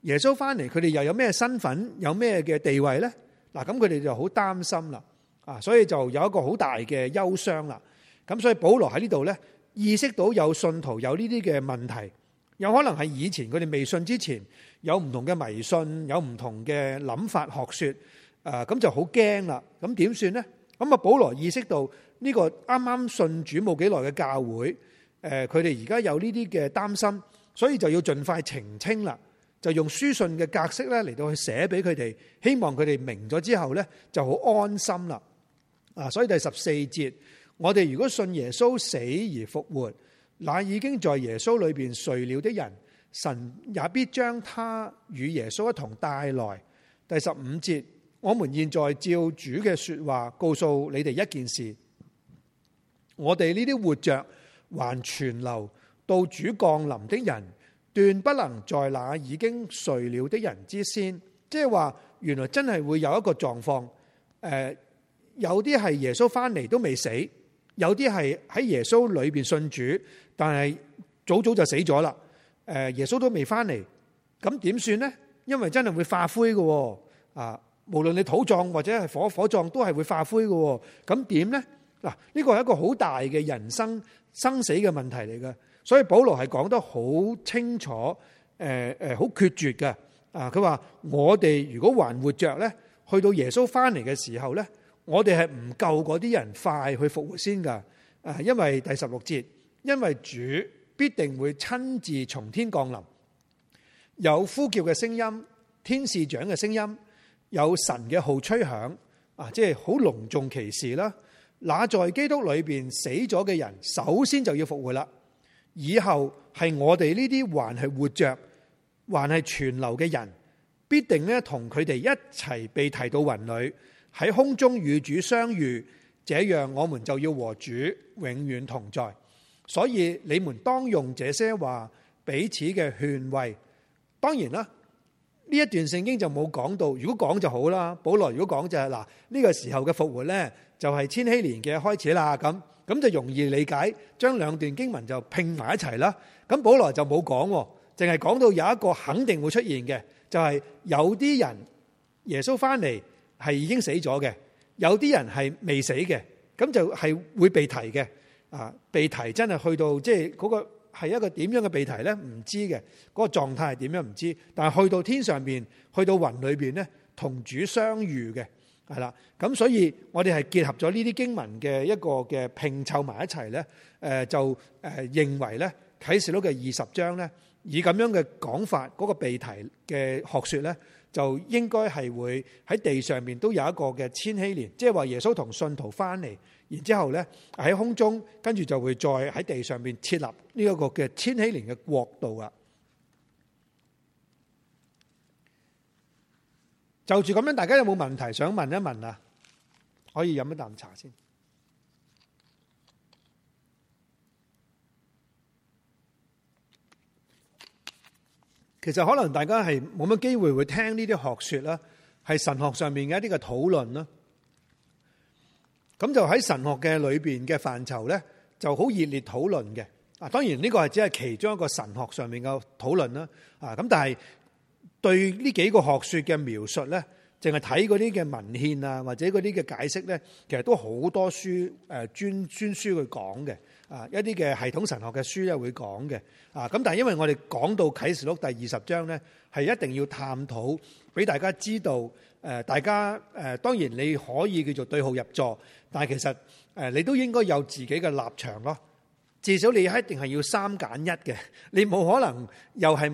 耶穌翻嚟，佢哋又有咩身份？有咩嘅地位咧？嗱，咁佢哋就好擔心啦。啊，所以就有一個好大嘅憂傷啦。咁所以保羅喺呢度咧，意識到有信徒有呢啲嘅問題。有可能係以前佢哋未信之前，有唔同嘅迷信，有唔同嘅諗法、學說，啊，咁就好驚啦。咁點算呢？咁啊，保羅意識到呢個啱啱信主冇幾耐嘅教會，誒，佢哋而家有呢啲嘅擔心，所以就要盡快澄清啦。就用書信嘅格式咧嚟，到去寫俾佢哋，希望佢哋明咗之後咧就好安心啦。啊，所以第十四節，我哋如果信耶穌死而復活。那已經在耶穌裏邊睡了的人，神也必將他與耶穌一同帶來。第十五節，我們現在照主嘅說話，告訴你哋一件事：我哋呢啲活着還存留到主降臨的人，斷不能在那已經睡了的人之先。即係話，原來真係會有一個狀況，誒，有啲係耶穌翻嚟都未死。有啲係喺耶穌裏邊信主，但係早早就死咗啦。誒，耶穌都未翻嚟，咁點算呢？因為真係會化灰嘅，啊，無論你土葬或者係火火葬，都係會化灰嘅。咁點呢？嗱，呢個係一個好大嘅人生生死嘅問題嚟嘅。所以保羅係講得好清楚，誒誒，好決絕嘅。啊，佢話我哋如果還活着咧，去到耶穌翻嚟嘅時候咧。我哋係唔夠嗰啲人快去復活先噶，啊！因為第十六節，因為主必定會親自從天降臨，有呼叫嘅聲音，天使長嘅聲音，有神嘅號吹響，啊！即係好隆重其事啦。那在基督裏邊死咗嘅人，首先就要復活啦。以後係我哋呢啲還係活着，還係存留嘅人，必定咧同佢哋一齊被提到雲裏。喺空中與主相遇，這樣我們就要和主永遠同在。所以你們當用這些話彼此嘅勸慰。當然啦，呢一段聖經就冇講到，如果講就好啦。保羅如果講就係嗱，呢個時候嘅復活呢，就係千禧年嘅開始啦。咁咁就容易理解，將兩段經文就拼埋一齊啦。咁保羅就冇講，淨係講到有一個肯定會出現嘅，就係有啲人耶穌翻嚟。係已經死咗嘅，有啲人係未死嘅，咁就係會被提嘅，啊，被提真係去到即係嗰個係一個點樣嘅被提咧？唔知嘅嗰、那個狀態係點樣唔知，但係去到天上邊，去到雲裏邊咧，同主相遇嘅，係啦。咁所以我哋係結合咗呢啲經文嘅一個嘅拼湊埋一齊咧，誒、呃、就誒認為咧啟示錄嘅二十章咧，以咁樣嘅講法，嗰、那個被提嘅學説咧。就應該係會喺地上面都有一個嘅千禧年，即係話耶穌同信徒翻嚟，然之後咧喺空中，跟住就會再喺地上面設立呢一個嘅千禧年嘅國度啊！就住咁樣，大家有冇問題想問一問啊？可以飲一啖茶先。其實可能大家係冇乜機會會聽呢啲學說啦，係神學上面嘅一啲嘅討論啦。咁就喺神學嘅裏邊嘅範疇咧，就好熱烈討論嘅。啊，當然呢個係只係其中一個神學上面嘅討論啦。啊，咁但係對呢幾個學說嘅描述咧，淨係睇嗰啲嘅文獻啊，或者嗰啲嘅解釋咧，其實都好多書誒專專書去講嘅。啊，一啲嘅系統神學嘅書咧會講嘅，啊，咁但係因為我哋講到啟示錄第二十章咧，係一定要探討，俾大家知道，誒大家誒當然你可以叫做對號入座，但係其實誒你都應該有自己嘅立場咯，至少你一定係要三揀一嘅，你冇可能又係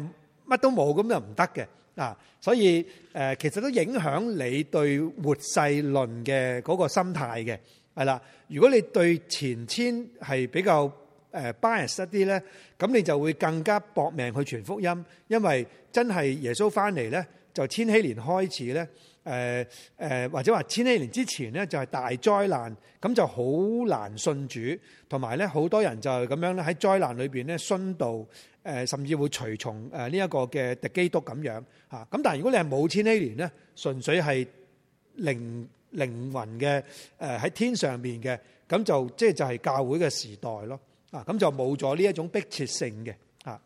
乜都冇咁又唔得嘅，啊，所以誒其實都影響你對活世論嘅嗰個心態嘅。係啦，如果你對前千係比較誒 bias 一啲咧，咁你就會更加搏命去傳福音，因為真係耶穌翻嚟咧，就千禧年開始咧，誒、呃、誒、呃、或者話千禧年之前咧就係大災難，咁就好難信主，同埋咧好多人就係咁樣咧喺災難裏邊咧殉道，誒、呃、甚至會隨從誒呢一個嘅敵基督咁樣嚇，咁但係如果你係冇千禧年咧，純粹係零。靈魂嘅誒喺天上面嘅，咁就即係就係、是、教會嘅時代咯。啊，咁就冇咗呢一種迫切性嘅啊。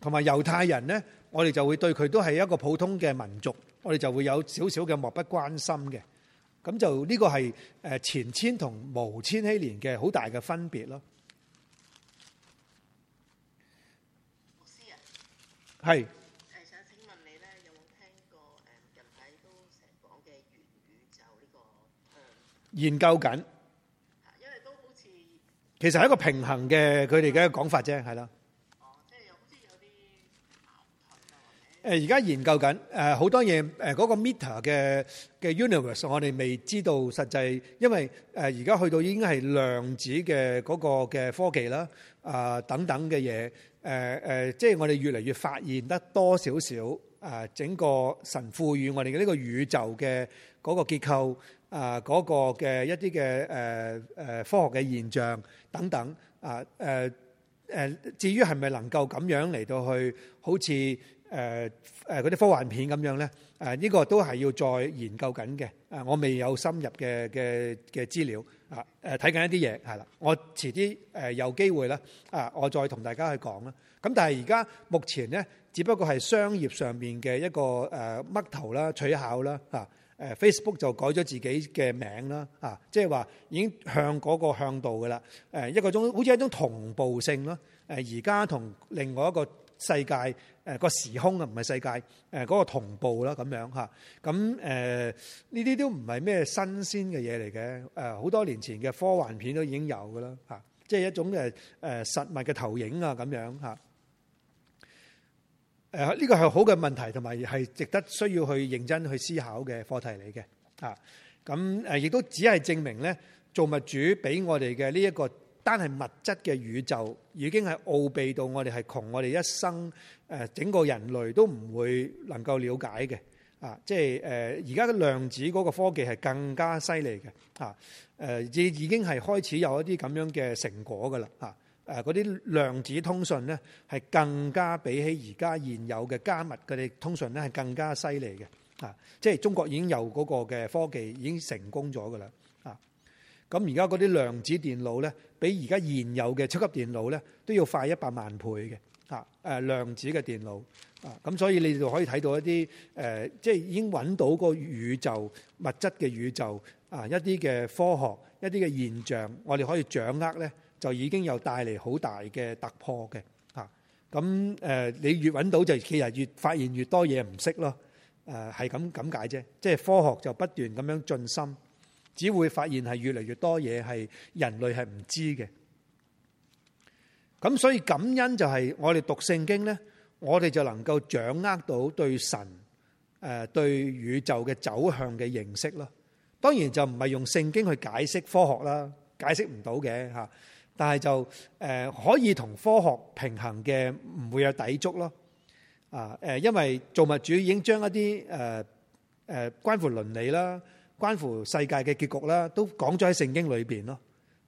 同埋猶太人咧，我哋就會對佢都係一個普通嘅民族，我哋就會有少少嘅漠不關心嘅。咁就呢、這個係誒前千同無千禧年嘅好大嘅分別咯。牧師人。係。研究緊，因為都好似，其實係一個平衡嘅佢哋嘅講法啫，係啦。即係好似有啲矛盾。誒而家研究緊誒好多嘢誒嗰個 meter 嘅嘅 universe，我哋未知道實際，因為誒而家去到已經係量子嘅嗰個嘅科技啦，啊等等嘅嘢，誒誒，即係我哋越嚟越發現得多少少啊，整個神賦予我哋嘅呢個宇宙嘅嗰個結構。啊！嗰、那個嘅一啲嘅誒誒科學嘅現象等等啊，誒誒、啊，至於係咪能夠咁樣嚟到去好似誒誒嗰啲科幻片咁樣咧？誒、啊、呢、這個都係要再研究緊嘅啊！我未有深入嘅嘅嘅資料啊誒睇緊一啲嘢係啦，我遲啲誒有機會啦啊！我再同大家去講啦。咁但係而家目前咧，只不過係商業上面嘅一個誒嘜、啊、頭啦、取巧啦啊。誒 Facebook 就改咗自己嘅名啦，嚇，即係話已經向嗰個向度嘅啦。誒一種，好似一種同步性咯。誒而家同另外一個世界，誒個時空啊，唔係世界，誒嗰個同步啦，咁樣嚇。咁誒呢啲都唔係咩新鮮嘅嘢嚟嘅。誒好多年前嘅科幻片都已經有嘅啦，嚇。即係一種誒誒實物嘅投影啊，咁樣嚇。誒呢個係好嘅問題，同埋係值得需要去認真去思考嘅課題嚟嘅。啊，咁誒亦都只係證明咧，造物主俾我哋嘅呢一個單係物質嘅宇宙，已經係奧秘到我哋係窮我哋一生誒、啊，整個人類都唔會能夠了解嘅。啊，即係誒，而家嘅量子嗰個科技係更加犀利嘅。啊，誒、啊、亦已經係開始有一啲咁樣嘅成果噶啦。啊！誒嗰啲量子通訊咧，係更加比起而家現有嘅加密嗰啲通訊咧，係更加犀利嘅。啊，即係中國已經有嗰個嘅科技已經成功咗噶啦。啊，咁而家嗰啲量子電腦咧，比而家現有嘅超級電腦咧，都要快一百萬倍嘅。啊，誒量子嘅電腦。啊，咁所以你就可以睇到一啲誒，即係已經揾到個宇宙物質嘅宇宙啊，一啲嘅科學、一啲嘅現象，我哋可以掌握咧，就已經有帶嚟好大嘅突破嘅嚇，咁誒你越揾到就其實越發現越多嘢唔識咯，誒係咁咁解啫，即係科學就不斷咁樣進深，只會發現係越嚟越多嘢係人類係唔知嘅。咁所以感恩就係我哋讀聖經咧，我哋就能夠掌握到對神誒對宇宙嘅走向嘅認識咯。當然就唔係用聖經去解釋科學啦，解釋唔到嘅嚇。但係就誒可以同科學平衡嘅，唔會有抵觸咯啊，誒因為造物主已經將一啲誒誒關乎倫理啦、關乎世界嘅結局啦，都講咗喺聖經裏邊咯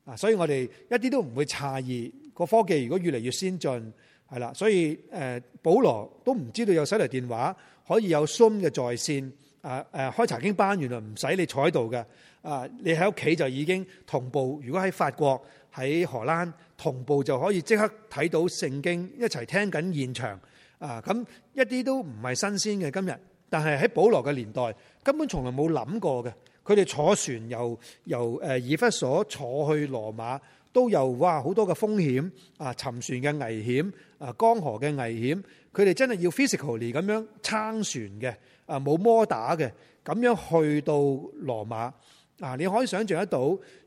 啊！所以我哋一啲都唔會詫異，個科技如果越嚟越先進係啦，所以誒保羅都唔知道有手提電話可以有 Zoom 嘅在線啊，誒開查經班原來唔使你坐喺度嘅啊，你喺屋企就已經同步。如果喺法國。喺荷蘭同步就可以即刻睇到聖經，一齊聽緊現場啊！咁一啲都唔係新鮮嘅今日，但係喺保羅嘅年代根本從來冇諗過嘅。佢哋坐船由由以弗所坐去羅馬，都有哇好多嘅風險啊，沉船嘅危險啊，江河嘅危險。佢哋真係要 physically 咁樣撐船嘅啊，冇摩打嘅咁樣去到羅馬。嗱，你可以想象得到，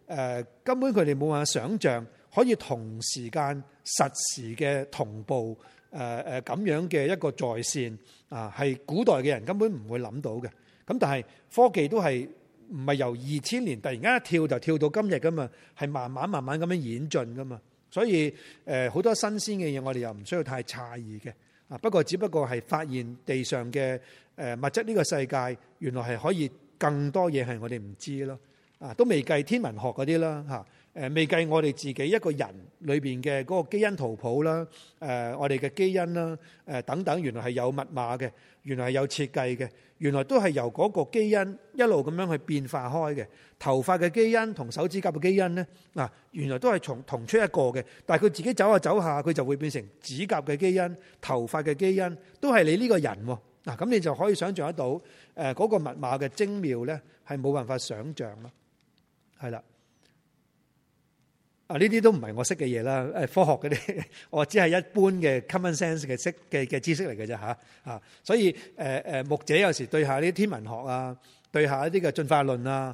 誒根本佢哋冇辦法想象，可以同時間實時嘅同步，誒誒咁樣嘅一個在線，啊，係古代嘅人根本唔會諗到嘅。咁但係科技都係唔係由二千年突然間一跳就跳到今日噶嘛？係慢慢慢慢咁樣演進噶嘛。所以誒好多新鮮嘅嘢，我哋又唔需要太詫異嘅。啊，不過只不過係發現地上嘅誒物質呢個世界原來係可以。更多嘢，係我哋唔知咯，啊，都未計天文學嗰啲啦，吓，誒，未計我哋自己一個人裏邊嘅嗰個基因圖譜啦，誒，我哋嘅基因啦，誒，等等，原來係有密碼嘅，原來係有設計嘅，原來都係由嗰個基因一路咁樣去變化開嘅。頭髮嘅基因同手指甲嘅基因咧，嗱，原來都係從同出一個嘅，但係佢自己走下走下，佢就會變成指甲嘅基因，頭髮嘅基因，都係你呢個人。嗱，咁你就可以想象得到，嗰個密碼嘅精妙咧，係冇辦法想象咯，係啦。啊，呢啲都唔係我識嘅嘢啦，誒，科學嗰啲，我只係一般嘅 common sense 嘅識嘅嘅知識嚟嘅啫嚇啊，所以誒誒，牧者有時對下呢啲天文學啊，對下一啲嘅進化論啊，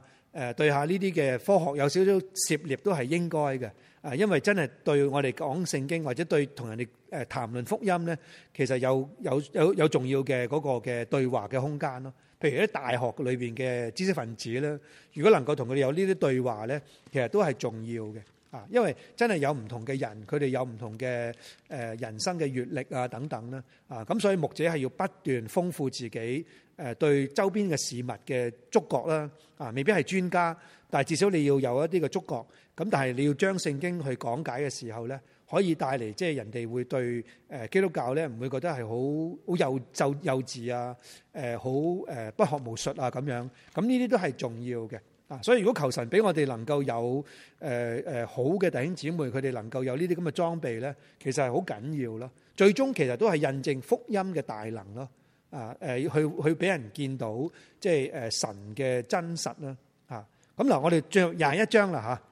對下呢啲嘅科學有少少涉獵都係應該嘅。啊，因為真係對我哋講聖經或者對同人哋誒談論福音咧，其實有有有有重要嘅嗰個嘅對話嘅空間咯。譬如喺大學裏邊嘅知識分子咧，如果能夠同佢哋有呢啲對話咧，其實都係重要嘅。啊，因為真係有唔同嘅人，佢哋有唔同嘅誒人生嘅閲歷啊等等啦。啊，咁所以牧者係要不斷豐富自己誒對周邊嘅事物嘅觸覺啦。啊，未必係專家，但係至少你要有一啲嘅觸覺。咁但係你要將聖經去講解嘅時候咧，可以帶嚟即係人哋會對誒基督教咧，唔會覺得係好好幼就幼稚啊，誒好誒不學無術啊咁樣。咁呢啲都係重要嘅啊。所以如果求神俾我哋能夠有誒誒好嘅弟兄姊妹，佢哋能夠有呢啲咁嘅裝備咧，其實係好緊要咯。最終其實都係印證福音嘅大能咯啊誒，去去俾人見到即係誒神嘅真實啦啊。咁嗱，我哋最後廿一章啦嚇。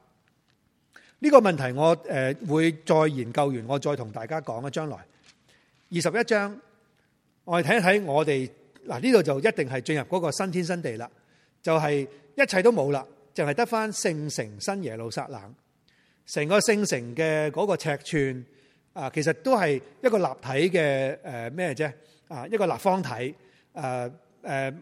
呢個問題我誒會再研究完，我再同大家講一將來二十一章，我哋睇一睇我哋，嗱呢度就一定係進入嗰個新天新地啦，就係、是、一切都冇啦,淨係得返聖城新耶路撒冷，成個聖城嘅嗰個尺寸啊，其實都係一個立體嘅誒咩啫啊，一個立方體啊誒、呃呃、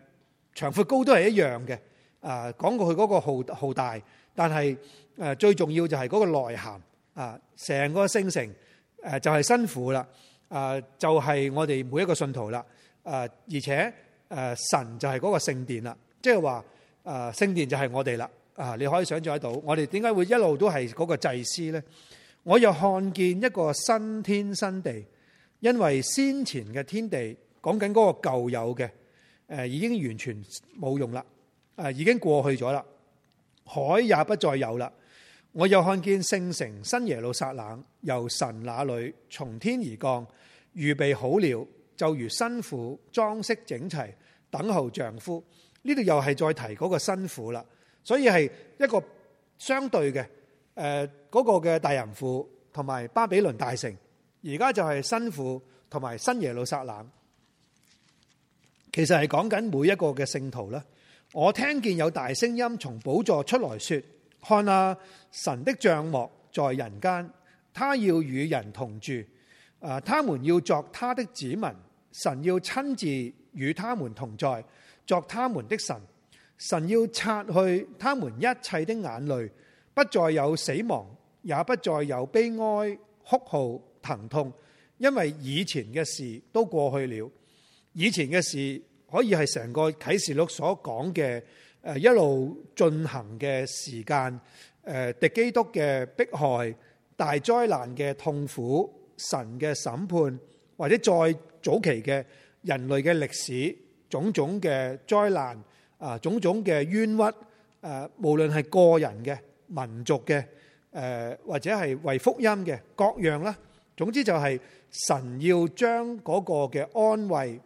長闊高都係一樣嘅啊，講過去嗰個浩浩大，但係。誒，最重要就係嗰個內涵啊！成個聖城誒，就係新婦啦，啊，就係我哋每一個信徒啦，啊，而且誒，神就係嗰個聖殿啦，即係話誒，聖殿就係我哋啦，啊，你可以想象得到，我哋點解會一路都係嗰個祭司咧？我又看見一個新天新地，因為先前嘅天地講緊嗰個舊有嘅，誒，已經完全冇用啦，啊，已經過去咗啦，海也不再有啦。我又看見聖城新耶路撒冷由神那裏從天而降，預備好了，就如新婦裝飾整齊，等候丈夫。呢度又係再提嗰個新婦啦，所以係一個相對嘅，誒、那、嗰個嘅大淫婦同埋巴比倫大城，而家就係新婦同埋新耶路撒冷，其實係講緊每一個嘅聖徒啦。我聽見有大聲音從寶座出來說。看啊，神的帳幕在人間，他要與人同住。啊，他們要作他的子民，神要親自與他們同在，作他們的神。神要擦去他們一切的眼淚，不再有死亡，也不再有悲哀、哭號、疼痛，因為以前嘅事都過去了。以前嘅事可以係成個啟示錄所講嘅。誒一路進行嘅時間，誒敵基督嘅迫害、大災難嘅痛苦、神嘅審判，或者再早期嘅人類嘅歷史，種種嘅災難啊，種種嘅冤屈，誒無論係個人嘅、民族嘅，誒或者係為福音嘅各樣啦，總之就係神要將嗰個嘅安慰。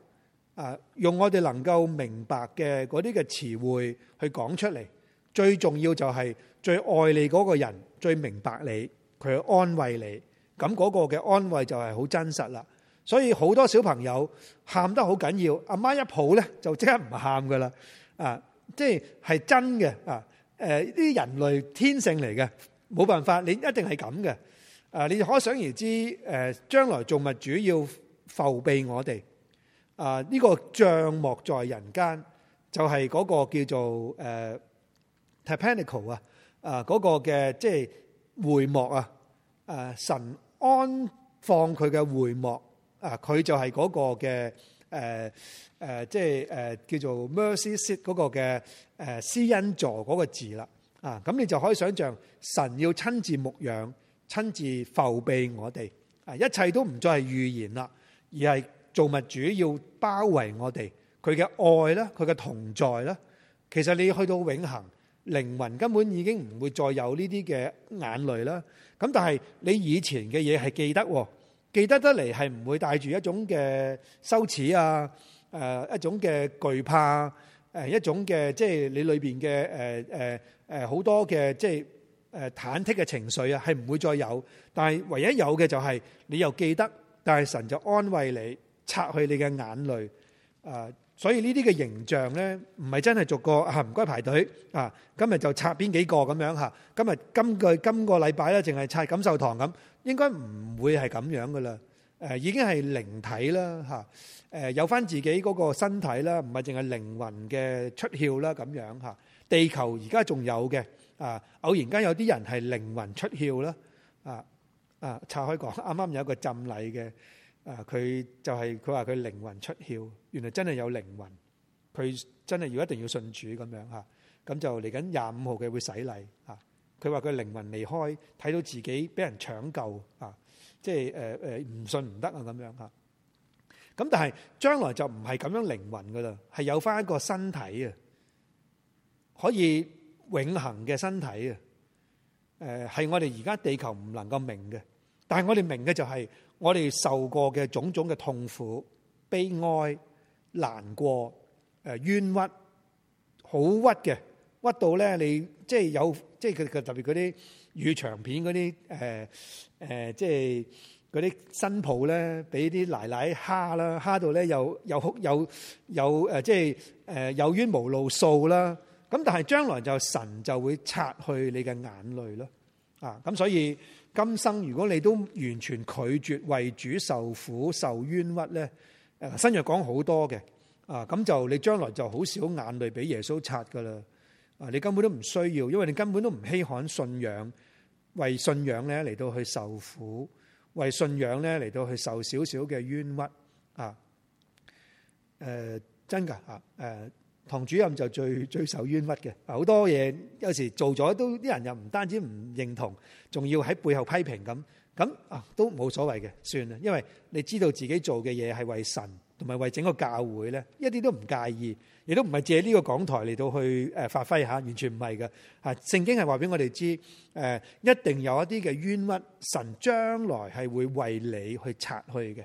啊！用我哋能夠明白嘅嗰啲嘅詞彙去講出嚟，最重要就係最愛你嗰個人最明白你，佢安慰你，咁嗰個嘅安慰就係好真實啦。所以好多小朋友喊得好緊要，阿媽一抱咧就即刻唔喊噶啦。啊，即係係真嘅啊！誒，呢啲人類天性嚟嘅，冇辦法，你一定係咁嘅。啊，你可想而知，誒，將來造物主要浮備我哋。啊！呢、這個帳幕在人間，就係、是、嗰個叫做誒 tabernacle 啊！啊，嗰、那個嘅即係會幕啊！啊，神安放佢嘅會幕啊，佢就係嗰個嘅誒誒，即係誒叫做 mercy seat 嗰個嘅誒施恩座嗰個字啦！啊，咁、啊啊就是啊啊啊、你就可以想象神要親自牧養、親自覆庇我哋啊！一切都唔再係預言啦，而係。造物主要包圍我哋，佢嘅愛啦，佢嘅同在啦，其實你去到永恆，靈魂根本已經唔會再有呢啲嘅眼淚啦。咁但係你以前嘅嘢係記得，記得得嚟係唔會帶住一種嘅羞恥啊，誒一種嘅懼怕，誒一種嘅即係你裏邊嘅誒誒誒好多嘅即係誒忐忑嘅情緒啊，係唔會再有。但係唯一有嘅就係你又記得，但係神就安慰你。擦去你嘅眼淚，啊！所以呢啲嘅形象咧，唔係真係逐個嚇唔該排隊啊！今日就拆邊幾個咁樣嚇？今日今個今個禮拜咧，淨係拆錦繡堂咁，應該唔會係咁樣噶啦。誒，已經係靈體啦嚇，誒有翻自己嗰個身體啦，唔係淨係靈魂嘅出竅啦咁樣嚇。地球而家仲有嘅啊，偶然間有啲人係靈魂出竅啦啊啊！拆開講，啱啱有一個浸禮嘅。啊！佢就係佢話佢靈魂出竅，原來真係有靈魂，佢真係要一定要信主咁樣吓，咁就嚟緊廿五號佢會洗禮吓，佢話佢靈魂離開，睇到自己俾人搶救啊，即係誒誒唔信唔得啊咁樣吓，咁但係將來就唔係咁樣靈魂㗎喇，係有返一個身體啊，可以永恒嘅身體啊，誒係我哋而家地球唔能夠明嘅，但係我哋明嘅就係、是。我哋受過嘅種種嘅痛苦、悲哀、難過、誒冤屈，好屈嘅，屈到咧你即係有，即係佢佢特別嗰啲粵語長片嗰啲誒誒，即係嗰啲新抱咧，俾啲奶奶蝦啦，蝦到咧又又哭，有，又誒即係誒有冤無路訴啦。咁但係將來就神就會擦去你嘅眼淚啦。啊，咁所以。今生如果你都完全拒絕為主受苦受冤屈咧，誒新約講好多嘅。啊咁就你將來就好少眼淚俾耶穌擦噶啦，啊你根本都唔需要，因為你根本都唔稀罕信仰，為信仰咧嚟到去受苦，為信仰咧嚟到去受少少嘅冤屈，啊誒、呃、真噶啊誒。呃堂主任就最最受冤屈嘅，好多嘢有時做咗都啲人又唔單止唔認同，仲要喺背後批評咁，咁啊都冇所謂嘅，算啦，因為你知道自己做嘅嘢係為神同埋為整個教會咧，一啲都唔介意，亦都唔係借呢個講台嚟到去誒發揮吓，完全唔係嘅。啊，聖經係話俾我哋知，誒一定有一啲嘅冤屈，神將來係會為你去擦去嘅，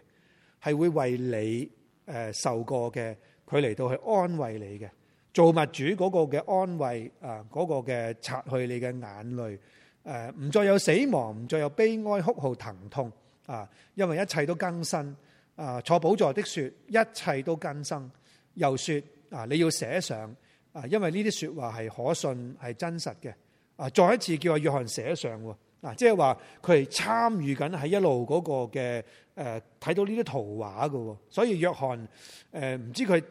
係會為你誒受過嘅。佢嚟到去安慰你嘅，造物主嗰個嘅安慰啊，嗰、嗰個嘅擦去你嘅眼淚，誒、啊、唔再有死亡，唔再有悲哀、哭號、疼痛啊！因為一切都更新啊！坐寶座的說，一切都更新，又說啊，你要寫上啊，因為呢啲說話係可信、係真實嘅啊！再一次叫阿約翰寫上，嗱、啊，即係話佢係參與緊喺一路嗰個嘅誒，睇、啊、到呢啲圖畫噶，所以約翰誒唔、啊、知佢。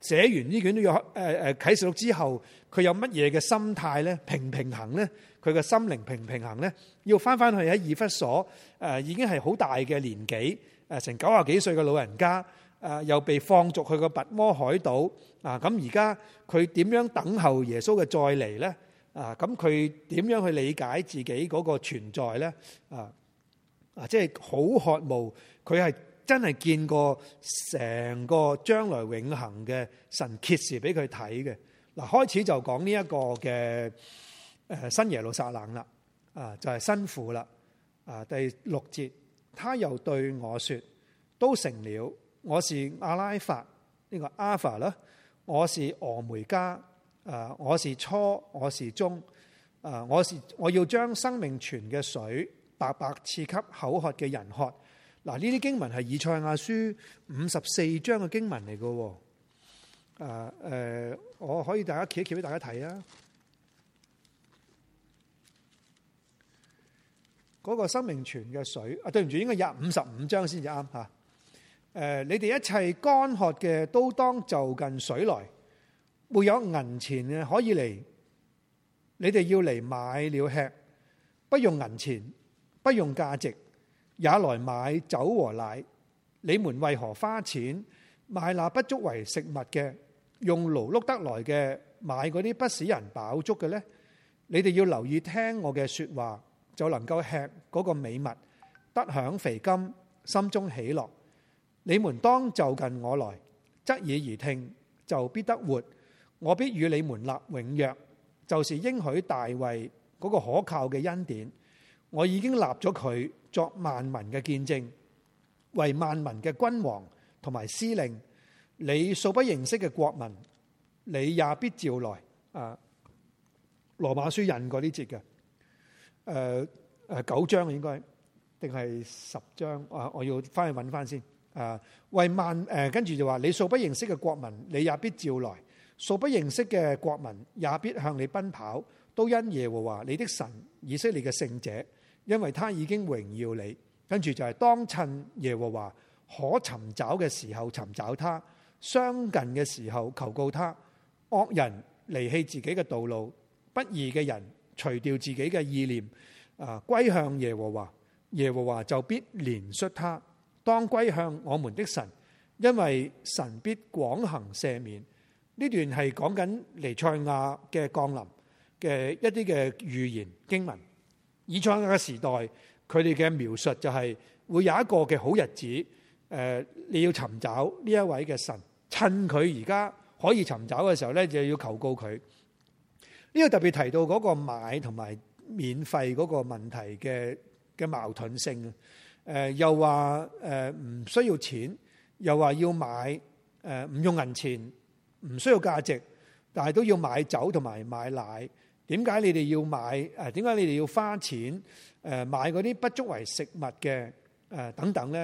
寫完呢卷都要，誒啟示錄之後，佢有乜嘢嘅心態咧？平平衡咧？佢嘅心靈平平衡咧？要翻翻去喺以弗所，誒已經係好大嘅年紀，誒成九十幾歲嘅老人家，誒又被放逐去個拔摩海島啊！咁而家佢點樣等候耶穌嘅再嚟咧？啊！咁佢點樣去理解自己嗰個存在咧？啊！啊！即係好渴慕佢係。真係見過成個將來永恒嘅神揭示俾佢睇嘅。嗱，開始就講呢一個嘅誒新耶路撒冷啦，啊就係辛苦啦，啊第六節，他又對我說：都成了，我是阿拉法呢個阿法啦，我是俄梅加，啊我是初，我是終，啊我是我要將生命泉嘅水白白賜給口渴嘅人喝。嗱，呢啲經文係以賽亞書五十四章嘅經文嚟嘅，誒誒，我可以大家揭一揭俾大家睇啊！嗰個生命泉嘅水，啊對唔住，應該有五十五章先至啱嚇。誒，你哋一切乾渴嘅都當就近水來，沒有銀錢嘅可以嚟，你哋要嚟買了吃，不用銀錢，不用價值。也來買酒和奶，你們為何花錢買那不足為食物嘅，用勞碌得來嘅，買嗰啲不使人飽足嘅呢？你哋要留意聽我嘅說話，就能夠吃嗰個美物，得享肥甘，心中喜樂。你們當就近我來，側耳而聽，就必得活。我必與你們立永約，就是應許大衛嗰個可靠嘅恩典。我已經立咗佢。作萬民嘅見證，為萬民嘅君王同埋司令，你素不認識嘅國民，你也必召來。啊，羅馬書引過呢節嘅，誒、呃、誒、呃、九章應該，定係十章啊？我要翻去揾翻先。啊，為萬誒，跟、呃、住就話你素不認識嘅國民，你也必召來；素不認識嘅國民也必向你奔跑，都因耶和華你的神以色列嘅聖者。因為他已經榮耀你，跟住就係當趁耶和華可尋找嘅時候尋找他，相近嘅時候求告他，惡人離棄自己嘅道路，不義嘅人除掉自己嘅意念，啊，歸向耶和華，耶和華就必憐恤他。當歸向我們的神，因為神必廣行赦免。呢段係講緊彌賽亞嘅降臨嘅一啲嘅預言經文。以創世時代佢哋嘅描述就係會有一個嘅好日子，誒、呃、你要尋找呢一位嘅神，趁佢而家可以尋找嘅時候咧，就要求告佢。呢、呢個特別提到嗰個買同埋免費嗰個問題嘅嘅矛盾性啊！誒、呃、又話誒唔需要錢，又話要買誒唔、呃、用銀錢，唔需要價值，但係都要買酒同埋買奶。點解你哋要買？誒點解你哋要花錢？誒買嗰啲不足為食物嘅誒等等咧？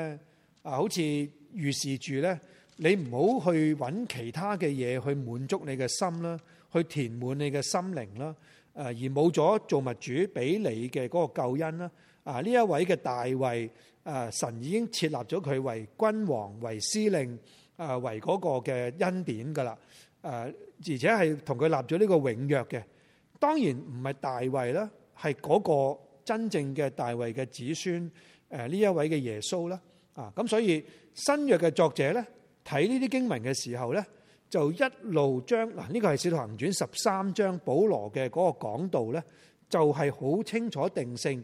啊，好似預示住咧，你唔好去揾其他嘅嘢去滿足你嘅心啦，去填滿你嘅心靈啦。誒而冇咗造物主俾你嘅嗰個救恩啦。啊，呢一位嘅大衞，誒神已經設立咗佢為君王、為司令、誒為嗰個嘅恩典噶啦。誒而且係同佢立咗呢個永約嘅。當然唔係大衛啦，係嗰個真正嘅大衛嘅子孫，誒呢一位嘅耶穌啦，啊，咁所以新約嘅作者咧睇呢啲經文嘅時候咧，就一路將嗱，呢個係使徒行傳十三章保羅嘅嗰個講道咧，就係好清楚定性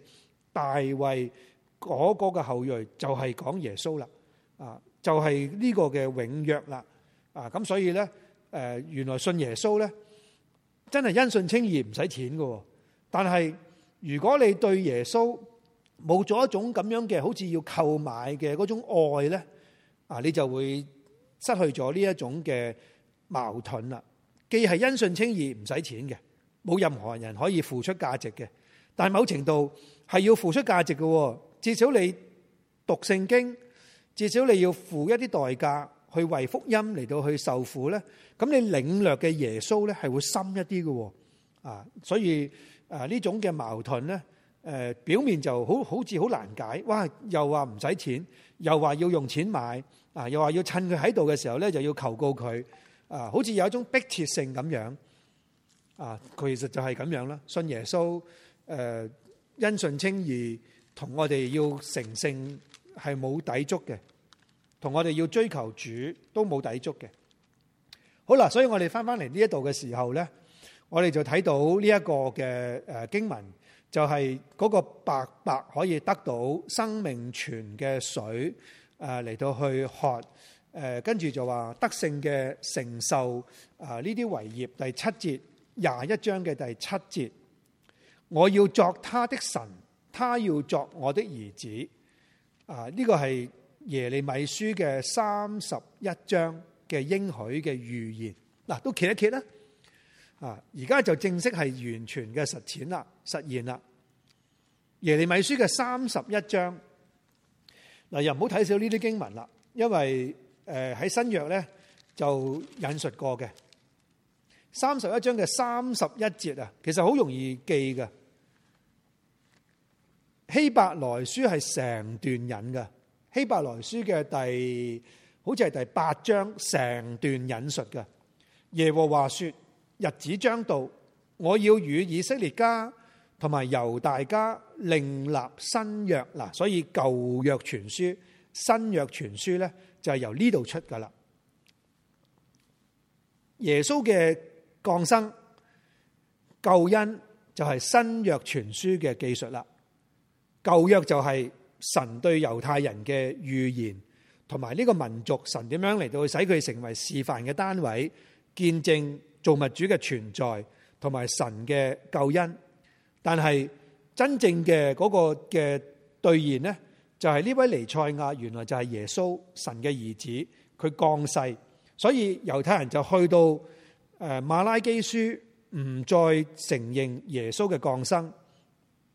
大衛嗰個嘅後裔就係講耶穌啦，啊，就係呢個嘅永約啦，啊，咁所以咧誒原來信耶穌咧。真係因信稱義唔使錢嘅，但係如果你對耶穌冇咗一種咁樣嘅好似要購買嘅嗰種愛咧，啊，你就會失去咗呢一種嘅矛盾啦。既係因信稱義唔使錢嘅，冇任何人可以付出價值嘅，但係某程度係要付出價值嘅，至少你讀聖經，至少你要付一啲代價。去為福音嚟到去受苦咧，咁你領略嘅耶穌咧係會深一啲嘅喎，啊，所以啊呢種嘅矛盾咧，誒表面就好好似好難解，哇，又話唔使錢，又話要用錢買，啊，又話要趁佢喺度嘅時候咧就要求告佢，啊，好似有一種迫切性咁樣，啊，佢其實就係咁樣啦，信耶穌，誒因信稱義，同我哋要成聖係冇抵觸嘅。同我哋要追求主都冇抵觸嘅，好啦，所以我哋翻翻嚟呢一度嘅時候咧，我哋就睇到呢一個嘅誒經文，就係、是、嗰個白白可以得到生命泉嘅水誒嚟到去喝誒，跟住就話得勝嘅承受啊呢啲為業第七節廿一章嘅第七節，我要作他的神，他要作我的兒子啊呢、這個係。耶利米書嘅三十一章嘅應許嘅預言，嗱都揭一揭啦，啊，而家就正式係完全嘅實踐啦、實現啦。耶利米書嘅三十一章，嗱又唔好睇少呢啲經文啦，因為誒喺新約咧就引述過嘅。三十一章嘅三十一節啊，其實好容易記㗎。希伯來書係成段引㗎。希伯來書嘅第好似係第八章成段引述嘅，耶和華說：日子將到，我要與以色列家同埋猶大家另立新約。嗱，所以舊約全書、新約全書咧就係由呢度出噶啦。耶穌嘅降生、救恩就係新約全書嘅技術啦，舊約就係、是。神對猶太人嘅預言，同埋呢個民族，神點樣嚟到使佢成為示範嘅單位，見證造物主嘅存在，同埋神嘅救恩。但係真正嘅嗰個嘅兌現呢，就係、是、呢位彌賽亞原來就係耶穌神嘅兒子，佢降世，所以猶太人就去到誒馬拉基書唔再承認耶穌嘅降生。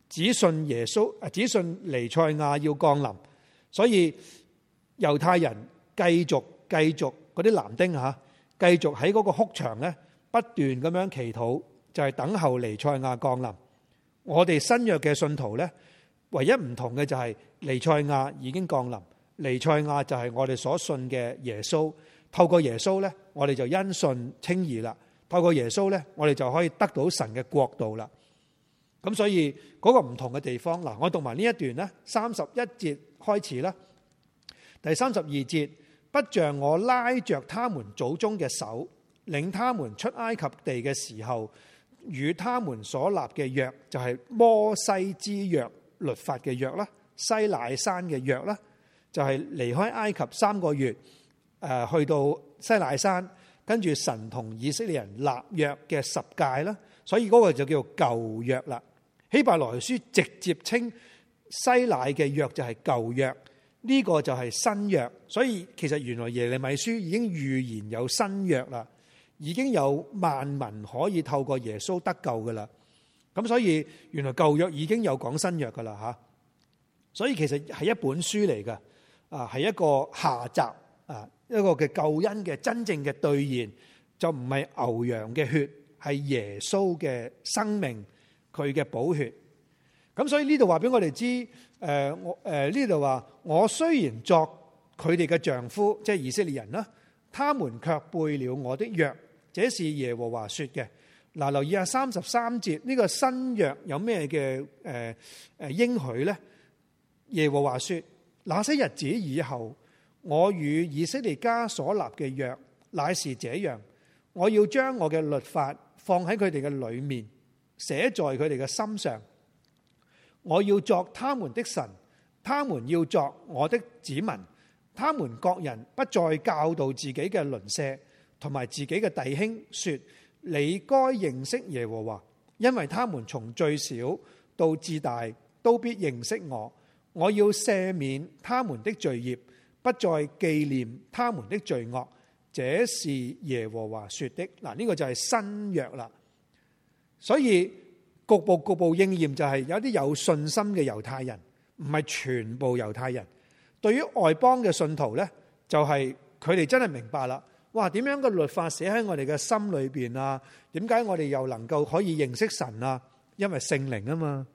只信耶穌，啊！只信彌賽亞要降臨，所以猶太人繼續繼續嗰啲男丁吓、啊、繼續喺嗰個哭牆咧不斷咁樣祈禱，就係等候彌賽亞降臨，我哋新約嘅信徒咧，唯一唔同嘅就係彌賽亞已經降臨，彌賽亞就係我哋所信嘅耶穌。透過耶穌咧，我哋就因信稱義啦。透過耶穌咧，我哋就可以得到神嘅國度啦。咁所以嗰個唔同嘅地方嗱，我讀埋呢一段咧，三十一節開始啦。第三十二節，不像我拉着他們祖宗嘅手，領他們出埃及地嘅時候，與他們所立嘅約就係摩西之約、律法嘅約啦，西乃山嘅約啦，就係離開埃及三個月，誒去到西乃山，跟住神同以色列人立約嘅十戒啦。所以嗰個就叫舊約啦。希伯來書直接稱西乃嘅約就係舊約，呢、這個就係新約。所以其實原來耶利米書已經預言有新約啦，已經有萬民可以透過耶穌得救噶啦。咁所以原來舊約已經有講新約噶啦吓。所以其實係一本書嚟噶，啊係一個下集啊一個嘅救恩嘅真正嘅兌現，就唔係牛羊嘅血，係耶穌嘅生命。佢嘅補血，咁所以呢度話俾我哋知，誒，我誒呢度話，我雖然作佢哋嘅丈夫，即係以色列人啦，他們卻背了我的約，這是耶和華說嘅。嗱，留意下三十三節呢個新約有咩嘅誒誒應許咧？耶和華說，那些日子以後，我與以色列家所立嘅約乃是這樣，我要將我嘅律法放喺佢哋嘅裏面。寫在佢哋嘅心上，我要作他們的神，他們要作我的子民，他們各人不再教導自己嘅鄰舍同埋自己嘅弟兄說：你該認識耶和華，因為他們從最小到至大都必認識我。我要赦免他們的罪孽，不再紀念他們的罪惡。這是耶和華說的。嗱，呢個就係新約啦。所以局部局部應驗就係有啲有信心嘅猶太人，唔係全部猶太人。對於外邦嘅信徒呢，就係佢哋真係明白啦。哇，點樣嘅律法寫喺我哋嘅心裏邊啊？點解我哋又能夠可以認識神啊？因為是聖靈啊嘛，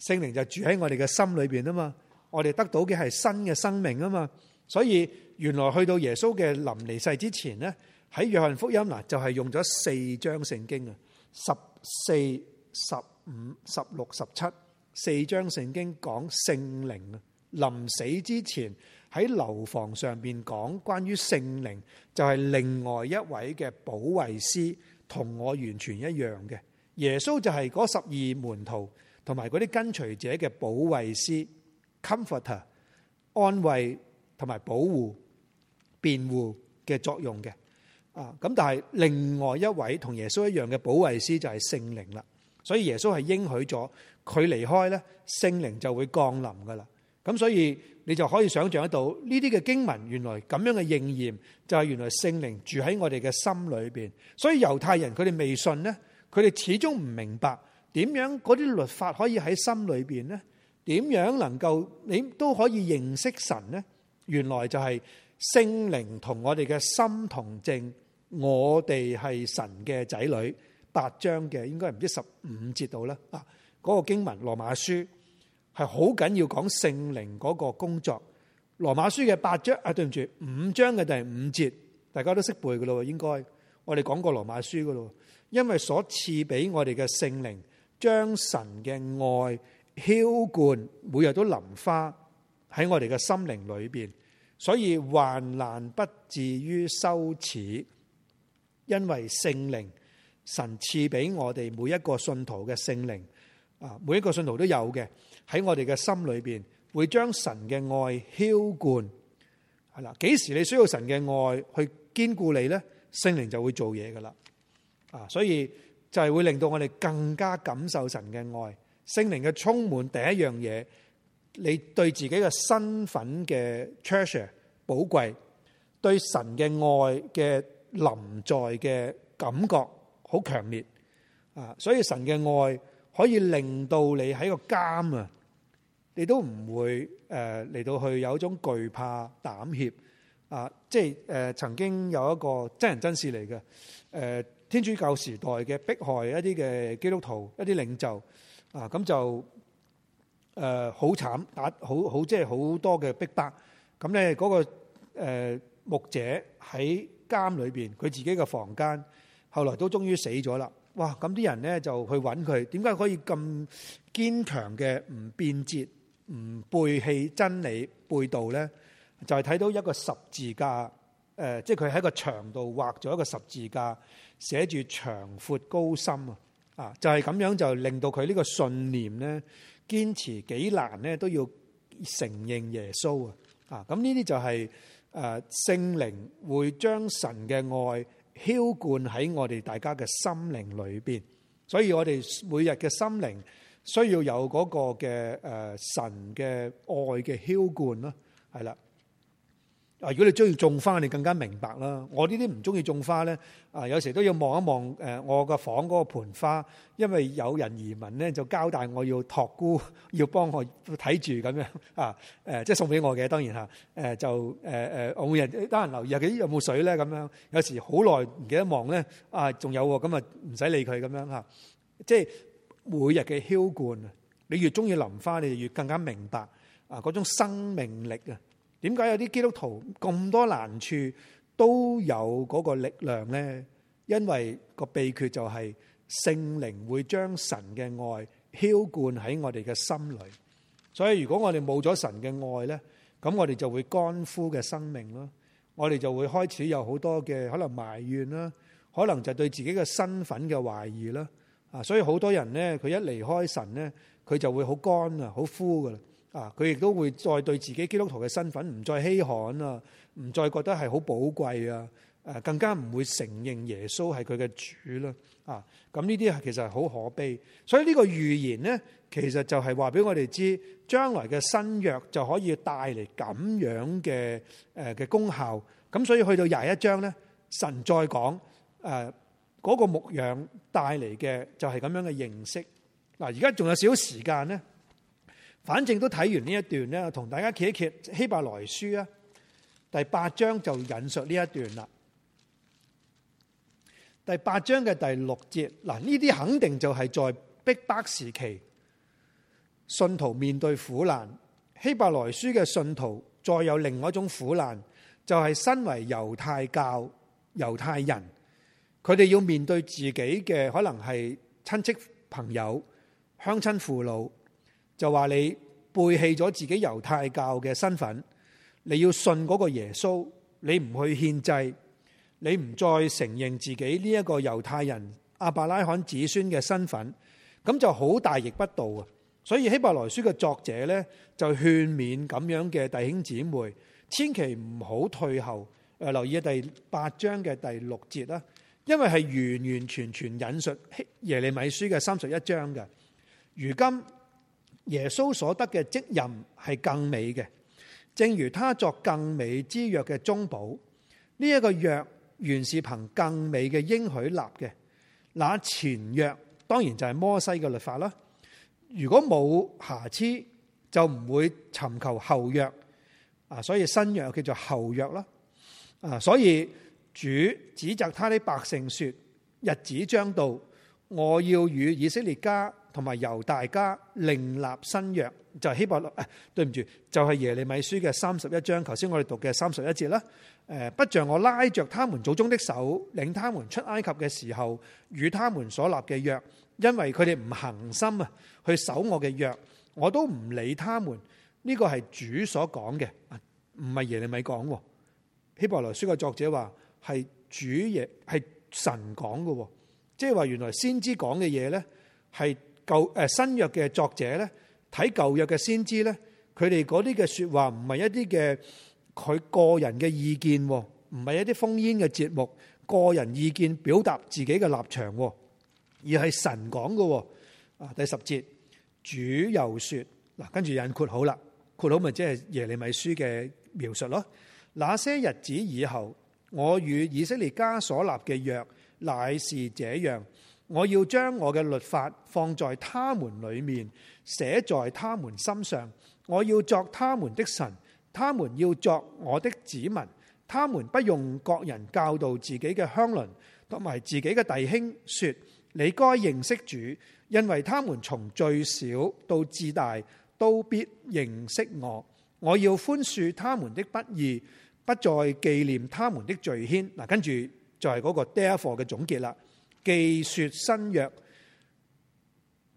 聖靈就住喺我哋嘅心裏邊啊嘛。我哋得到嘅係新嘅生命啊嘛。所以原來去到耶穌嘅臨離世之前呢，喺約翰福音嗱就係用咗四章聖經啊，十。四十四、十五、十六、十七四章聖經講聖靈啊，臨死之前喺樓房上邊講關於聖靈，就係另外一位嘅保衛師，同我完全一樣嘅。耶穌就係嗰十二門徒同埋嗰啲跟隨者嘅保衛師，Comforter 安慰同埋保護、辯護嘅作用嘅。啊！咁但係另外一位同耶穌一樣嘅保惠師就係聖靈啦，所以耶穌係應許咗佢離開咧，聖靈就會降臨噶啦。咁所以你就可以想象得到呢啲嘅經文原來咁樣嘅應驗就係原來聖靈住喺我哋嘅心裏邊。所以猶太人佢哋未信咧，佢哋始終唔明白點樣嗰啲律法可以喺心裏邊咧？點樣能夠你都可以認識神咧？原來就係聖靈同我哋嘅心同證。我哋係神嘅仔女，八章嘅應該唔知十五節到啦。啊，嗰、嗰個經文《羅馬書》係好緊要講聖靈嗰個工作。《羅馬書》嘅八章啊，對唔住，五章嘅第五節，大家都識背噶咯，應該我哋講過《羅馬書》噶咯。因為所賜俾我哋嘅聖靈，將神嘅愛澆灌，每日都淋花喺我哋嘅心靈裏邊，所以患難不至於羞恥。因為聖靈，神賜俾我哋每一個信徒嘅聖靈，啊，每一個信徒都有嘅，喺我哋嘅心裏邊，會將神嘅愛澆灌，係啦，幾時你需要神嘅愛去堅固你咧，聖靈就會做嘢噶啦，啊，所以就係會令到我哋更加感受神嘅愛，聖靈嘅充滿第一樣嘢，你對自己嘅身份嘅 treasure 寶貴，對神嘅愛嘅。臨在嘅感覺好強烈啊，所以神嘅愛可以令到你喺個監啊，你都唔會誒嚟到去有一種懼怕膽怯啊，即係誒曾經有一個真人真事嚟嘅，誒天主教時代嘅迫害一啲嘅基督徒一啲領袖啊，咁就誒好慘，打好好即係好多嘅逼迫，咁咧嗰個誒牧者喺。監裏邊佢自己個房間，後來都終於死咗啦。哇！咁啲人咧就去揾佢，點解可以咁堅強嘅？唔變節，唔背棄真理，背道咧，就係、是、睇到一個十字架。誒、呃，即係佢喺個牆度畫咗一個十字架，寫住長闊高深啊。啊，就係、是、咁樣就令到佢呢個信念咧，堅持幾難咧都要承認耶穌啊。啊，咁呢啲就係、是。誒聖靈會將神嘅愛澆灌喺我哋大家嘅心靈裏邊，所以我哋每日嘅心靈需要有嗰個嘅誒神嘅愛嘅澆灌咯，係啦。啊！如果你中意種花，你更加明白啦。我呢啲唔中意種花咧，啊，有時都要望一望誒，我個房嗰個盆花，因為有人移民咧，就交代我要託孤，要幫我睇住咁樣啊。誒，即係送俾我嘅，當然嚇。誒、啊、就誒誒，我、啊、每日得閒留意下有冇水咧咁樣。有時好耐唔記得望咧，啊，仲有喎，咁啊唔使理佢咁樣嚇。即係每日嘅澆灌，啊，啊你越中意淋花，你就越，越更加明白啊嗰種生命力啊！點解有啲基督徒咁多難處都有嗰個力量呢？因為個秘訣就係聖靈會將神嘅愛澆灌喺我哋嘅心裏，所以如果我哋冇咗神嘅愛呢，咁我哋就會乾枯嘅生命咯。我哋就會開始有好多嘅可能埋怨啦，可能就對自己嘅身份嘅懷疑啦。啊，所以好多人呢，佢一離開神呢，佢就會好乾啊，好枯噶啦。啊！佢亦都會再對自己基督徒嘅身份唔再稀罕啦，唔再覺得係好寶貴啊！誒，更加唔會承認耶穌係佢嘅主啦！啊，咁呢啲其實係好可悲。所以呢個預言呢，其實就係話俾我哋知，將來嘅新約就可以帶嚟咁樣嘅誒嘅功效。咁所以去到廿一章呢，神再講誒嗰個牧羊帶嚟嘅就係咁樣嘅形式。嗱，而家仲有少少時間呢。反正都睇完呢一段咧，同大家揭一揭希伯來書啊，第八章就引述呢一段啦。第八章嘅第六節，嗱，呢啲肯定就係在逼迫時期，信徒面對苦難。希伯來書嘅信徒再有另外一種苦難，就係身為猶太教猶太人，佢哋要面對自己嘅可能係親戚朋友、鄉親父老。就話你背棄咗自己猶太教嘅身份，你要信嗰個耶穌，你唔去獻祭，你唔再承認自己呢一個猶太人亞伯拉罕子孫嘅身份，咁就好大逆不道啊！所以希伯來書嘅作者呢，就勸勉咁樣嘅弟兄姊妹，千祈唔好退後。誒，留意第八章嘅第六節啦，因為係完完全全引述耶利米書嘅三十一章嘅。如今。耶穌所得嘅職任係更美嘅，正如他作更美之約嘅中保。呢一個約原是憑更美嘅應許立嘅，那前約當然就係摩西嘅律法啦。如果冇瑕疵，就唔會尋求後約。啊，所以新約叫做後約啦。啊，所以主指責他啲百姓說：日子將到，我要與以色列家。同埋由大家另立新約，就係希伯來，誒，對唔住，就係耶利米書嘅三十一章，頭先我哋讀嘅三十一節啦。誒，不像我拉着他們祖宗的手，領他們出埃及嘅時候，與他們所立嘅約，因為佢哋唔恒心啊，去守我嘅約，我都唔理他們。呢個係主所講嘅，唔係耶利米講。希伯來書嘅作者話係主耶，係神講嘅，即係話原來先知講嘅嘢呢係舊，誒，新約嘅作者咧，睇舊約嘅先知咧，佢哋嗰啲嘅說話唔係一啲嘅佢個人嘅意見，唔係一啲烽煙嘅節目，個人意見表達自己嘅立場，而係神講嘅。啊，第十節，主又說，嗱，跟住引人括號啦，括號咪即係耶利米書嘅描述咯。那些日子以後，我與以色列家所立嘅約，乃是這樣。我要將我嘅律法放在他們裏面，寫在他們心上。我要作他們的神，他們要作我的子民。他們不用各人教導自己嘅鄉鄰同埋自己嘅弟兄說，說你該認識主，因為他們從最小到至大都必認識我。我要寬恕他們的不義，不再紀念他們的罪愆。嗱、那個，跟住就係嗰個 therefore 嘅總結啦。既說新約，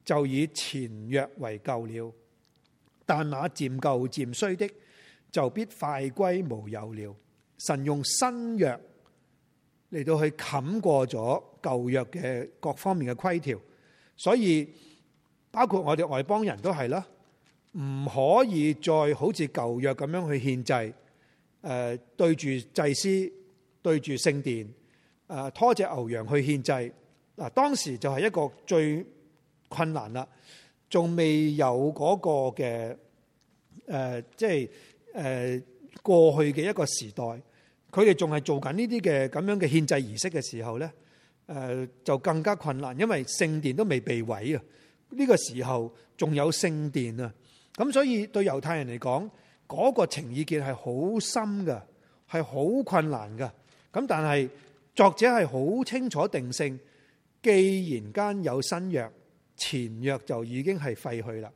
就以前約為舊了，但那漸舊漸衰的就必快歸無有了。神用新約嚟到去冚過咗舊約嘅各方面嘅規條，所以包括我哋外邦人都係啦，唔可以再好似舊約咁樣去獻祭。誒，對住祭司，對住聖殿誒拖隻牛羊去獻祭。啊！當時就係一個最困難啦，仲未有嗰個嘅誒，即係誒過去嘅一個時代，佢哋仲係做緊呢啲嘅咁樣嘅獻祭儀式嘅時候咧，誒、呃、就更加困難，因為聖殿都未被毀啊！呢個時候仲有聖殿啊，咁所以對猶太人嚟講，嗰個情意結係好深嘅，係好困難嘅。咁但係作者係好清楚定性。既然間有新約，前約就已經係廢去啦，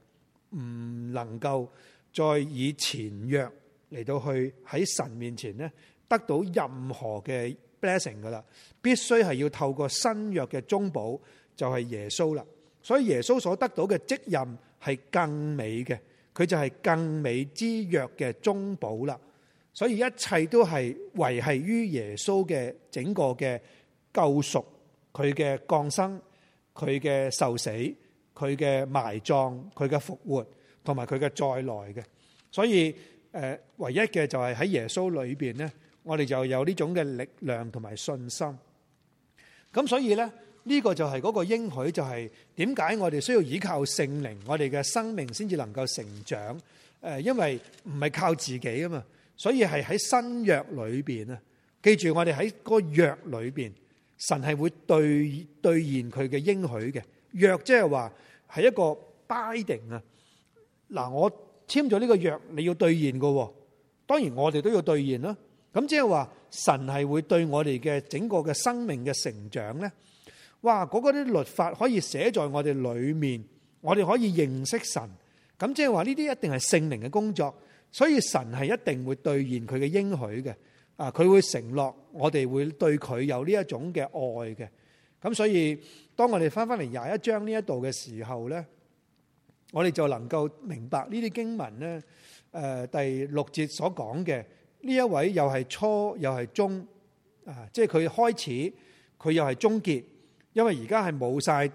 唔能夠再以前約嚟到去喺神面前得到任何嘅 blessing 噶啦，必須係要透過新約嘅中保就係耶穌啦，所以耶穌所得到嘅職任係更美嘅，佢就係更美之約嘅中保啦，所以一切都係維繫於耶穌嘅整個嘅救贖。佢嘅降生，佢嘅受死，佢嘅埋葬，佢嘅復活，同埋佢嘅再來嘅。所以，誒，唯一嘅就係喺耶穌裏邊咧，我哋就有呢種嘅力量同埋信心。咁所以咧，呢個就係嗰個應許，就係點解我哋需要倚靠聖靈，我哋嘅生命先至能夠成長。誒，因為唔係靠自己啊嘛，所以係喺新約裏邊啊，記住我哋喺嗰個約裏邊。神係會兌兌現佢嘅應許嘅，約即係話係一個 binding 啊，嗱我簽咗呢個約，你要兌現嘅，當然我哋都要兌現啦。咁即係話神係會對我哋嘅整個嘅生命嘅成長咧，哇！嗰嗰啲律法可以寫在我哋裏面，我哋可以認識神，咁即係話呢啲一定係聖靈嘅工作，所以神係一定會兌現佢嘅應許嘅。啊！佢會承諾我哋會對佢有呢一種嘅愛嘅，咁所以當我哋翻翻嚟廿一章呢一度嘅時候咧，我哋就能夠明白呢啲經文咧，誒第六節所講嘅呢一位又係初又係終啊！即係佢開始，佢又係終結，因為而家係冇晒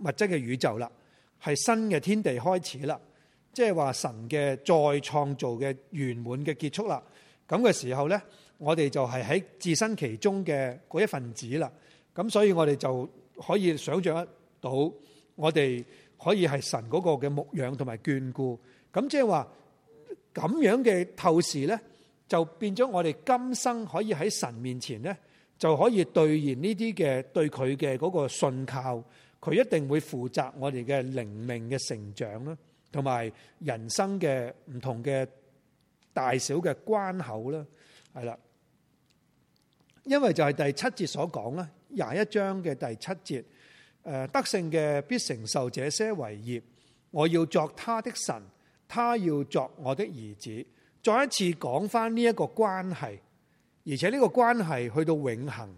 物質嘅宇宙啦，係新嘅天地開始啦，即係話神嘅再創造嘅圓滿嘅結束啦。咁嘅時候咧。我哋就係喺置身其中嘅嗰一份子啦，咁所以我哋就可以想象得到，我哋可以係神嗰個嘅牧養同埋眷顧，咁即係話咁樣嘅透視咧，就變咗我哋今生可以喺神面前咧，就可以兌現呢啲嘅對佢嘅嗰個信靠，佢一定會負責我哋嘅靈命嘅成長啦，同埋人生嘅唔同嘅大小嘅關口啦，係啦。因為就係第七節所講啦，廿一章嘅第七節，誒，得勝嘅必承受這些為業。我要作他的神，他要作我的兒子。再一次講翻呢一個關係，而且呢個關係去到永恒。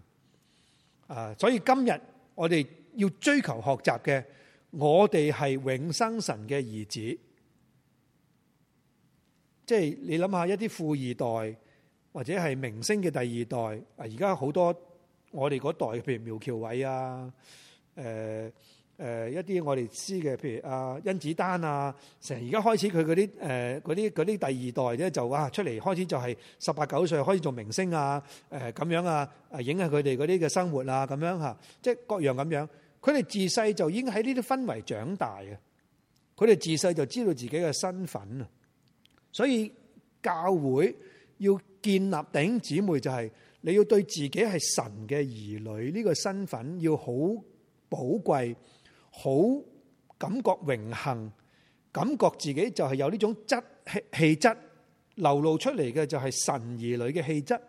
啊，所以今日我哋要追求學習嘅，我哋係永生神嘅兒子。即係你諗下，一啲富二代。或者係明星嘅第二代，啊！而家好多我哋嗰代，譬如苗僑偉啊，誒、呃、誒、呃、一啲我哋知嘅，譬如阿、啊、甄子丹啊，成日而家開始佢嗰啲誒啲啲第二代咧，就、啊、哇出嚟開始就係十八九歲開始做明星啊，誒、呃、咁樣啊，誒影響佢哋嗰啲嘅生活啊，咁樣吓、啊，即係各樣咁樣。佢哋自細就已經喺呢啲氛圍長大嘅，佢哋自細就知道自己嘅身份啊，所以教會要。建立頂姊妹，就係你要對自己係神嘅兒女呢個身份要好寶貴，好感覺榮幸，感覺自己就係有呢種質氣氣質流露出嚟嘅就係神兒女嘅氣質，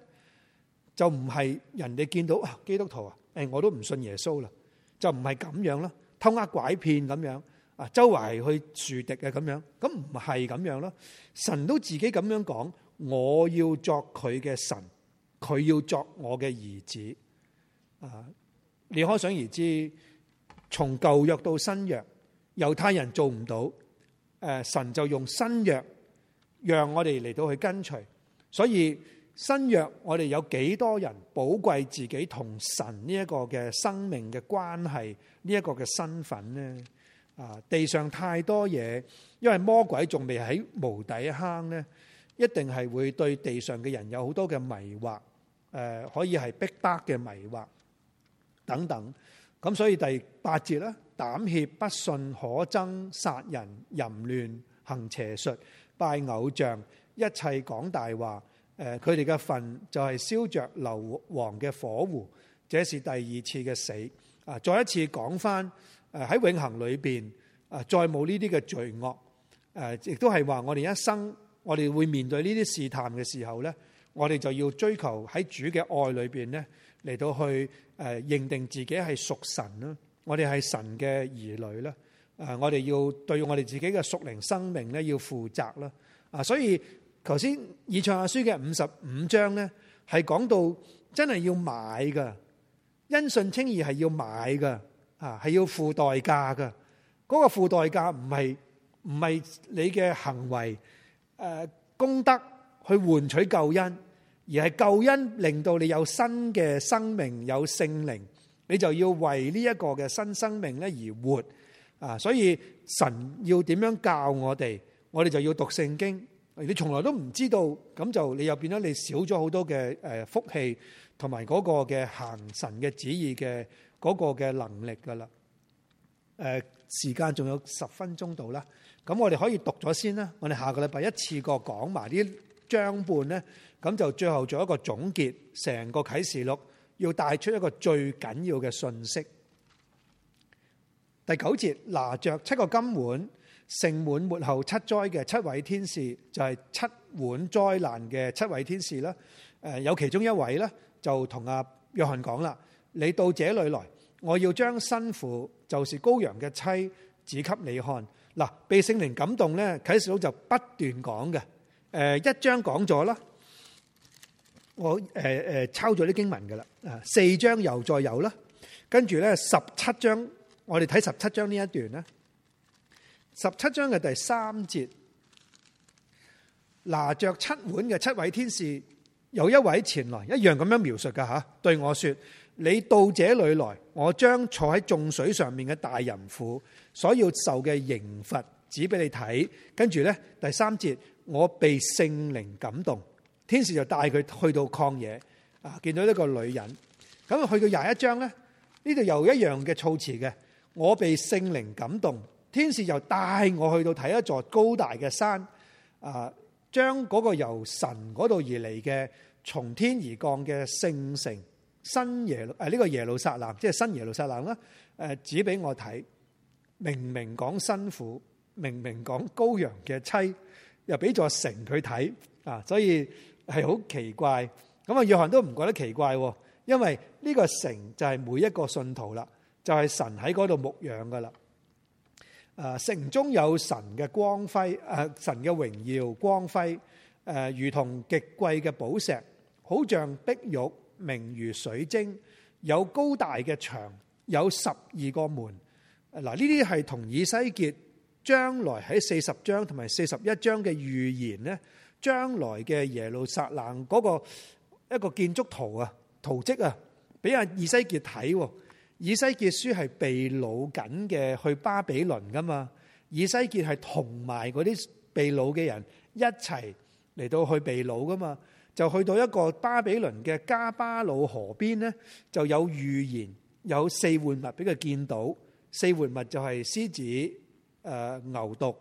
就唔係人哋見到啊基督徒啊，誒我都唔信耶穌啦，就唔係咁樣囉，偷呃拐騙咁樣啊，周圍去樹敵啊咁樣，咁唔係咁樣囉，神都自己咁樣講。我要作佢嘅神，佢要作我嘅兒子。啊！你可想而知，從舊約到新約，猶太人做唔到。誒，神就用新約讓我哋嚟到去跟隨。所以新約我哋有幾多人寶貴自己同神呢一個嘅生命嘅關係呢一個嘅身份呢？啊！地上太多嘢，因為魔鬼仲未喺無底坑呢。一定係會對地上嘅人有好多嘅迷惑，誒可以係逼得嘅迷惑等等。咁所以第八節呢，膽怯不信、可憎，殺人淫亂行邪術，拜偶像，一切講大話。誒佢哋嘅份就係燒着硫磺嘅火湖，這是第二次嘅死。啊，再一次講翻誒喺永恆裏邊啊，再冇呢啲嘅罪惡。誒亦都係話我哋一生。我哋會面對呢啲試探嘅時候咧，我哋就要追求喺主嘅愛裏邊咧嚟，到去誒認定自己係屬神啦。我哋係神嘅兒女啦。誒，我哋要對我哋自己嘅屬靈生命咧要負責啦。啊，所以頭先以賽亞書嘅五十五章咧係講到真係要買噶，因信稱義係要買噶啊，係要付代價噶。嗰個付代價唔係，唔係你嘅行為。誒，功德去換取救恩，而係救恩令到你有新嘅生命，有聖靈，你就要為呢一個嘅新生命咧而活啊！所以神要點樣教我哋，我哋就要讀聖經。你從來都唔知道，咁就你又變咗你少咗好多嘅誒福氣，同埋嗰個嘅行神嘅旨意嘅嗰個嘅能力噶啦。誒，時間仲有十分鐘度啦。咁我哋可以讀咗先啦。我哋下個禮拜一次過講埋呢章半呢，咁就最後做一個總結。成個啟示錄要帶出一個最緊要嘅信息。第九節拿著七個金碗，盛滿末後七災嘅七位天使，就係、是、七碗災難嘅七位天使啦。誒，有其中一位呢，就同阿約翰講啦：你到這裡來，我要將新婦，就是羔羊嘅妻，指給你看。嗱，被聖靈感動咧，啟示錄就不斷講嘅，誒，一章講咗啦，我誒誒、呃、抄咗啲經文噶啦，啊四章又再有啦，跟住咧十七章，我哋睇十七章呢一段咧，十七章嘅第三節，拿着七碗嘅七位天使，有一位前來，一樣咁樣描述嘅吓，對我說，你到這裏來。我將坐喺眾水上面嘅大淫婦所要受嘅刑罰指俾你睇，跟住咧第三節，我被聖靈感動，天使就帶佢去到曠野啊，見到一個女人。咁啊去到廿一章咧，呢度又一樣嘅措辭嘅，我被聖靈感動，天使就帶我去到睇一座高大嘅山啊，將嗰個由神嗰度而嚟嘅從天而降嘅聖城。新耶路，誒呢個耶路撒冷，即係新耶路撒冷啦。誒，指俾我睇，明明講新婦，明明講羔羊嘅妻，又俾座城佢睇啊，所以係好奇怪。咁啊，約翰都唔覺得奇怪，因為呢個城就係每一個信徒啦，就係神喺嗰度牧養噶啦。誒，城中有神嘅光輝，誒神嘅榮耀光輝，誒如同極貴嘅寶石，好像碧玉。明如水晶，有高大嘅牆，有十二個門。嗱，呢啲係同以西結將來喺四十章同埋四十一章嘅預言咧，將來嘅耶路撒冷嗰個一個建築圖，圖啊、圖跡啊，俾阿以西結睇。以西結書係被擄緊嘅，去巴比倫噶嘛。以西結係同埋嗰啲被擄嘅人一齊嚟到去被擄噶嘛，就去到一個巴比倫嘅加巴魯河邊咧，就有預言，有四活物俾佢見到。四活物就係獅子、呃、牛犢、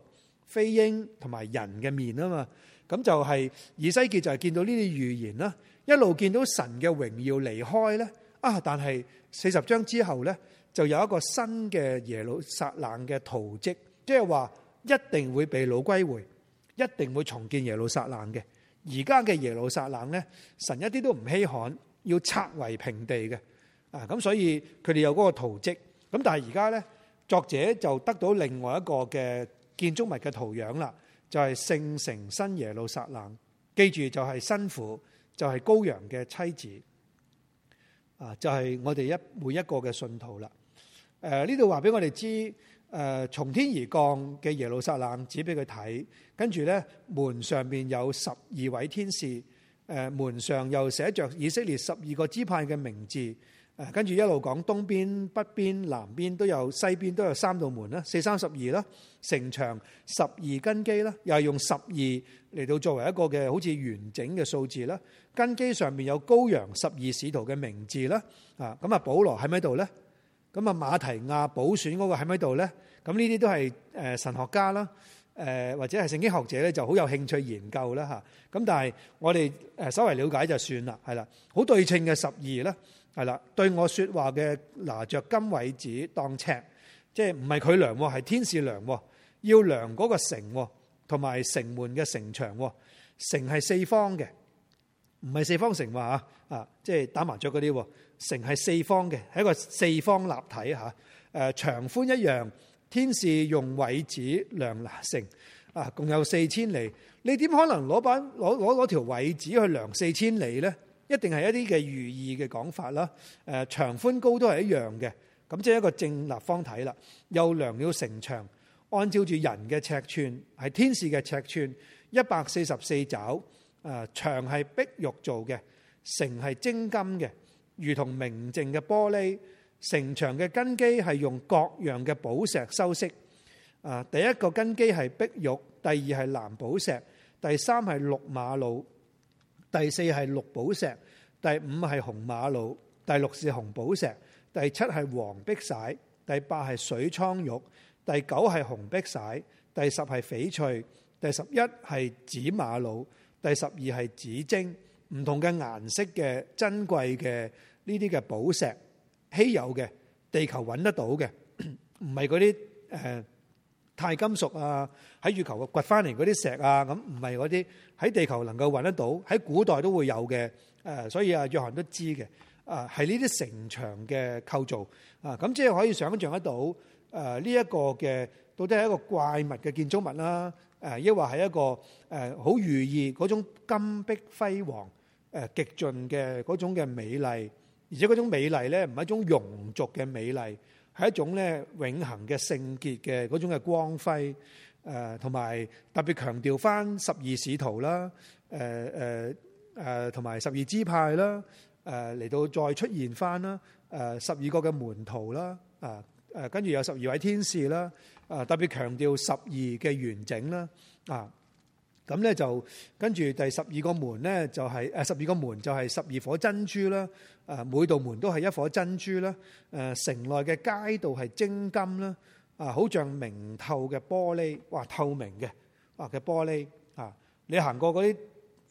飛鷹同埋人嘅面啊嘛。咁就係以西結就係見到呢啲預言啦，一路見到神嘅榮耀離開咧。啊，但係四十章之後咧，就有一個新嘅耶路撒冷嘅圖蹟，即係話一定會被擄歸回，一定會重建耶路撒冷嘅。而家嘅耶路撒冷咧，神一啲都唔稀罕，要拆為平地嘅。啊咁所以佢哋有嗰個圖蹟。咁但係而家咧，作者就得到另外一個嘅建築物嘅圖樣啦，就係、是、聖城新耶路撒冷。記住就係新婦，就係、是、羔羊嘅妻子，啊就係、是、我哋一每一個嘅信徒啦。誒呢度話俾我哋知。誒從天而降嘅耶路撒冷，指俾佢睇，跟住呢門上面有十二位天使，門上又寫着以色列十二個支派嘅名字，跟住一路講東邊、北邊、南邊都有，西邊都有三道門啦，四三十二啦，城牆十二根基啦，又係用十二嚟到作為一個嘅好似完整嘅數字啦，根基上面有羔羊十二使徒嘅名字啦，啊咁啊，保羅喺咪度呢？咁啊，馬提亞補選嗰個喺咪度咧？咁呢啲都係誒神學家啦，誒或者係聖經學者咧，就好有興趣研究啦吓，咁但係我哋誒稍為了解就算啦，係啦。好對稱嘅十二咧，係啦。對我說話嘅拿着金位子當尺，即係唔係佢量，係天使量，要量嗰個城同埋城門嘅城牆，城係四方嘅。唔係四方城話啊！啊，即係打麻雀嗰啲城係四方嘅，係一個四方立體嚇。誒長寬一樣，天使用位子量城，啊，共有四千里。你點可能攞把攞攞攞條位子去量四千里呢？一定係一啲嘅寓意嘅講法啦。誒長寬高都係一樣嘅，咁即係一個正立方體啦。又量了城牆，按照住人嘅尺寸，係天使嘅尺寸一百四十四肘。啊！牆係碧玉做嘅，城係精金嘅，如同明淨嘅玻璃。城牆嘅根基係用各樣嘅寶石修飾。啊！第一個根基係碧玉，第二係藍寶石，第三係綠瑪瑙，第四係綠寶石，第五係紅瑪瑙，第六是紅寶石，第七係黃碧璽，第八係水蒼玉，第九係紅碧璽，第十係翡翠，第十一係紫瑪瑙。第十二係紫晶，唔同嘅顏色嘅珍貴嘅呢啲嘅寶石，稀有嘅地球揾得到嘅，唔係嗰啲誒鈦金屬啊，喺月球掘翻嚟嗰啲石啊，咁唔係嗰啲喺地球能夠揾得到，喺古代都會有嘅誒、呃，所以啊約翰都知嘅啊，係呢啲城牆嘅構造啊，咁、呃、即係可以想像得到誒呢一個嘅到底係一個怪物嘅建築物啦、啊。誒，抑或係一個誒，好寓意嗰種金碧輝煌誒極盡嘅嗰種嘅美麗，而且嗰種美麗咧唔係一種庸俗嘅美麗，係一種咧永恆嘅聖潔嘅嗰種嘅光輝誒，同埋特別強調翻十二使徒啦，誒誒誒，同埋十二支派啦，誒嚟到再出現翻啦，誒十二個嘅門徒啦，啊誒跟住有十二位天使啦。啊！特別強調十二嘅完整啦，啊，咁咧就跟住第十二個門咧就係、是、誒十二個門就係十二顆珍珠啦，啊每道門都係一顆珍珠啦，誒城內嘅街道係精金啦，啊好像明透嘅玻璃，哇透明嘅，哇嘅玻璃啊，你行過嗰啲。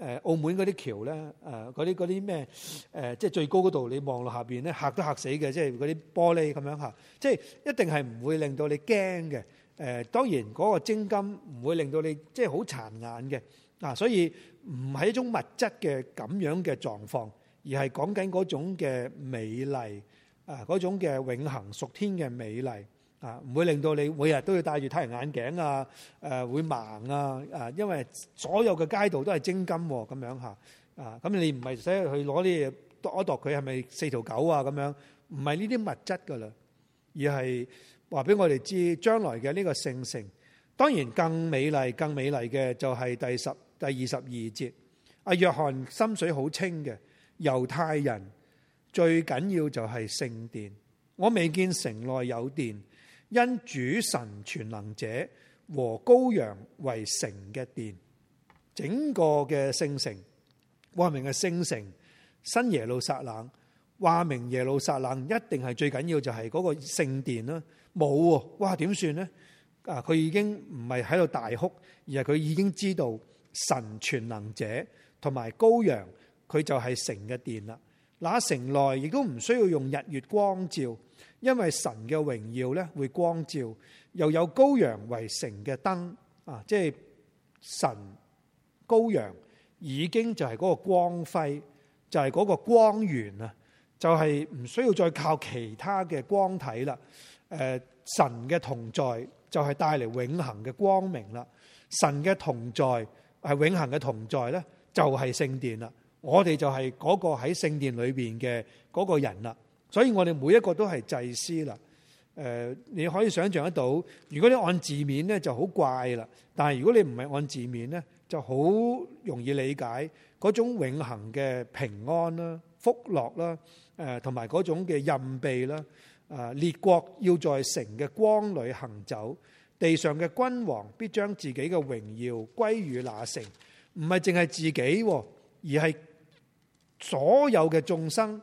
誒澳門嗰啲橋咧，誒嗰啲嗰啲咩誒，即係最高嗰度你望落下邊咧，嚇都嚇死嘅，即係嗰啲玻璃咁樣嚇，即係一定係唔會令到你驚嘅。誒當然嗰個精金唔會令到你即係好殘眼嘅嗱，所以唔係一種物質嘅咁樣嘅狀況，而係講緊嗰種嘅美麗啊，嗰種嘅永恆屬天嘅美麗。啊！唔會令到你每日都要戴住太陽眼鏡啊！誒會盲啊！啊，因為所有嘅街道都係精金喎，咁樣嚇啊！咁、啊、你唔係使去攞啲嘢度一度佢係咪四條狗啊？咁樣唔係呢啲物質噶啦，而係話俾我哋知將來嘅呢個聖城，當然更美麗、更美麗嘅就係第十、第二十二節。阿約翰心水好清嘅，猶太人最緊要就係聖殿，我未見城內有殿。因主神全能者和羔羊為城嘅殿，整個嘅聖城，話明係聖城，新耶路撒冷，話明耶路撒冷一定係最緊要就係嗰個聖殿啦。冇啊，哇，點算呢？啊，佢已經唔係喺度大哭，而係佢已經知道神全能者同埋羔羊，佢就係城嘅殿啦。那城內亦都唔需要用日月光照。因為神嘅榮耀咧會光照，又有羔羊為城嘅燈啊！即係神羔羊已經就係嗰個光輝，就係、是、嗰個光源啊！就係、是、唔需要再靠其他嘅光體啦。誒、呃，神嘅同在就係帶嚟永恆嘅光明啦。神嘅同在係永恆嘅同在咧，就係聖殿啦。我哋就係嗰個喺聖殿裏邊嘅嗰個人啦。所以我哋每一個都係祭司啦，你可以想象得到，如果你按字面咧就好怪啦，但如果你唔係按字面咧，就好容易理解嗰種永恒嘅平安啦、啊、福樂啦，誒，同埋嗰種嘅任庇啦，啊，列國要在城嘅光裏行走，地上嘅君王必將自己嘅榮耀歸於那城，唔係淨係自己、啊，而係所有嘅眾生。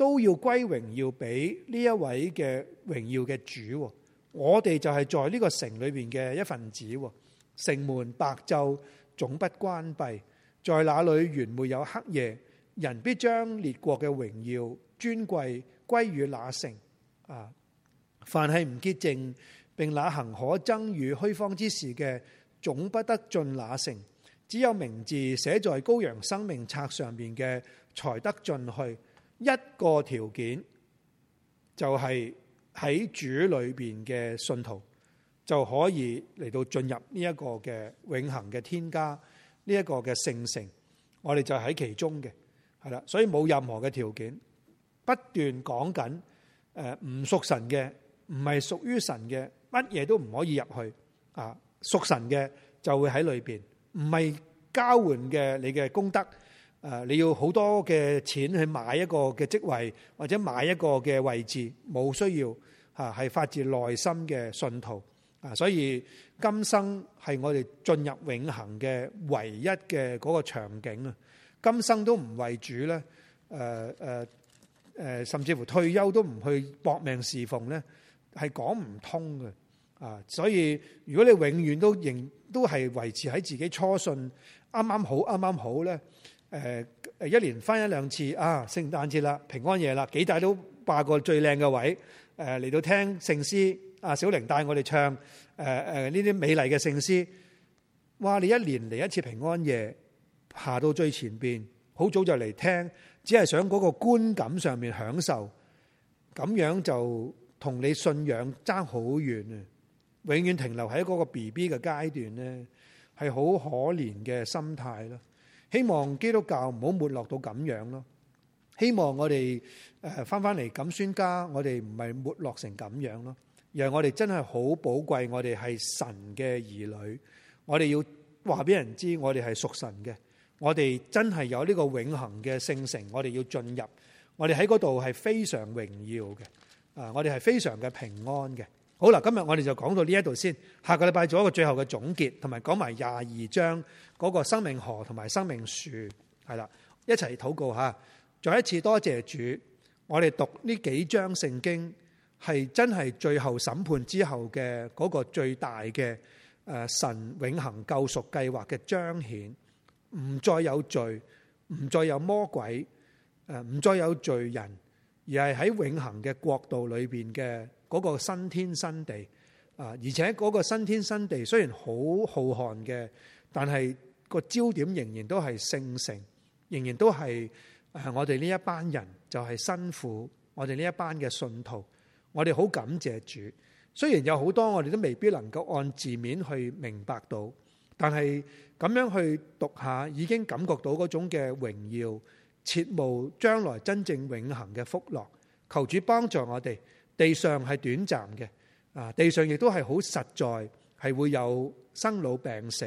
都要歸榮耀俾呢一位嘅榮耀嘅主，我哋就係在呢個城裏邊嘅一份子。城門白晝總不關閉，在那裏原沒有黑夜。人必將列國嘅榮耀尊貴歸於那城。啊！凡係唔潔淨並那行可憎與虛謊之事嘅，總不得進那城。只有名字寫在羔羊生命冊上面嘅，才得進去。一個條件就係喺主裏邊嘅信徒就可以嚟到進入呢一個嘅永恆嘅天家，呢、這、一個嘅聖城，我哋就喺其中嘅係啦，所以冇任何嘅條件。不斷講緊誒，唔、呃、屬神嘅，唔係屬於神嘅，乜嘢都唔可以入去啊。屬神嘅就會喺裏邊，唔係交換嘅你嘅功德。誒，你要好多嘅錢去買一個嘅職位，或者買一個嘅位置，冇需要嚇，係發自內心嘅信徒啊！所以今生係我哋進入永恆嘅唯一嘅嗰個場景啊！今生都唔為主咧，誒誒誒，甚至乎退休都唔去搏命侍奉呢，係講唔通嘅啊！所以如果你永遠都仍都係維持喺自己初信，啱啱好，啱啱好呢。誒誒，一年翻一兩次啊，聖誕節啦、平安夜啦，幾大都霸過最靚嘅位。誒嚟到聽聖詩，啊，啊小玲帶我哋唱誒誒呢啲美麗嘅聖詩。哇！你一年嚟一次平安夜，爬到最前邊，好早就嚟聽，只係想嗰個觀感上面享受。咁樣就同你信仰爭好遠啊！永遠停留喺嗰個 B B 嘅階段咧，係好可憐嘅心態咯。希望基督教唔好沒落到咁樣咯。希望我哋誒翻翻嚟，咁宣家，我哋唔係沒落成咁樣咯。而我哋真係好寶貴，我哋係神嘅兒女，我哋要話俾人知，我哋係屬神嘅。我哋真係有呢個永恒嘅聖城，我哋要進入，我哋喺嗰度係非常榮耀嘅。啊，我哋係非常嘅平安嘅。好啦，今日我哋就講到呢一度先，下個禮拜做一個最後嘅總結，同埋講埋廿二章嗰個生命河同埋生命樹，係啦，一齊禱告吓。再一次多謝主，我哋讀呢幾章聖經，係真係最後審判之後嘅嗰個最大嘅誒神永恆救贖計劃嘅彰顯，唔再有罪，唔再有魔鬼，誒唔再有罪人，而係喺永恆嘅國度裏邊嘅。嗰個新天新地啊，而且嗰個新天新地雖然好浩瀚嘅，但係個焦點仍然都係聖城，仍然都係誒我哋呢一班人就係辛苦我哋呢一班嘅信徒，我哋好感謝主。雖然有好多我哋都未必能夠按字面去明白到，但係咁樣去讀下已經感覺到嗰種嘅榮耀，切慕將來真正永恆嘅福樂。求主幫助我哋。地上係短暫嘅，啊，地上亦都係好實在，係會有生老病死，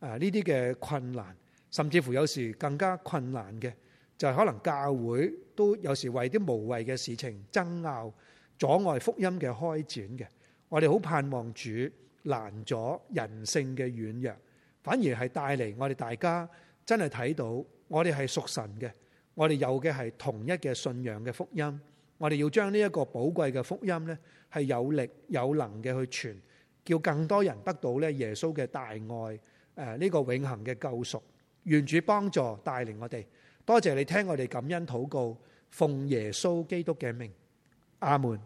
啊呢啲嘅困難，甚至乎有時更加困難嘅，就係可能教會都有時為啲無謂嘅事情爭拗，阻礙福音嘅開展嘅。我哋好盼望主攔阻人性嘅軟弱，反而係帶嚟，我哋大家真係睇到，我哋係屬神嘅，我哋有嘅係同一嘅信仰嘅福音。我哋要將呢一個寶貴嘅福音呢，係有力有能嘅去傳，叫更多人得到咧耶穌嘅大愛，誒呢個永恒嘅救贖。願主幫助帶領我哋，多謝你聽我哋感恩禱告，奉耶穌基督嘅名。阿門。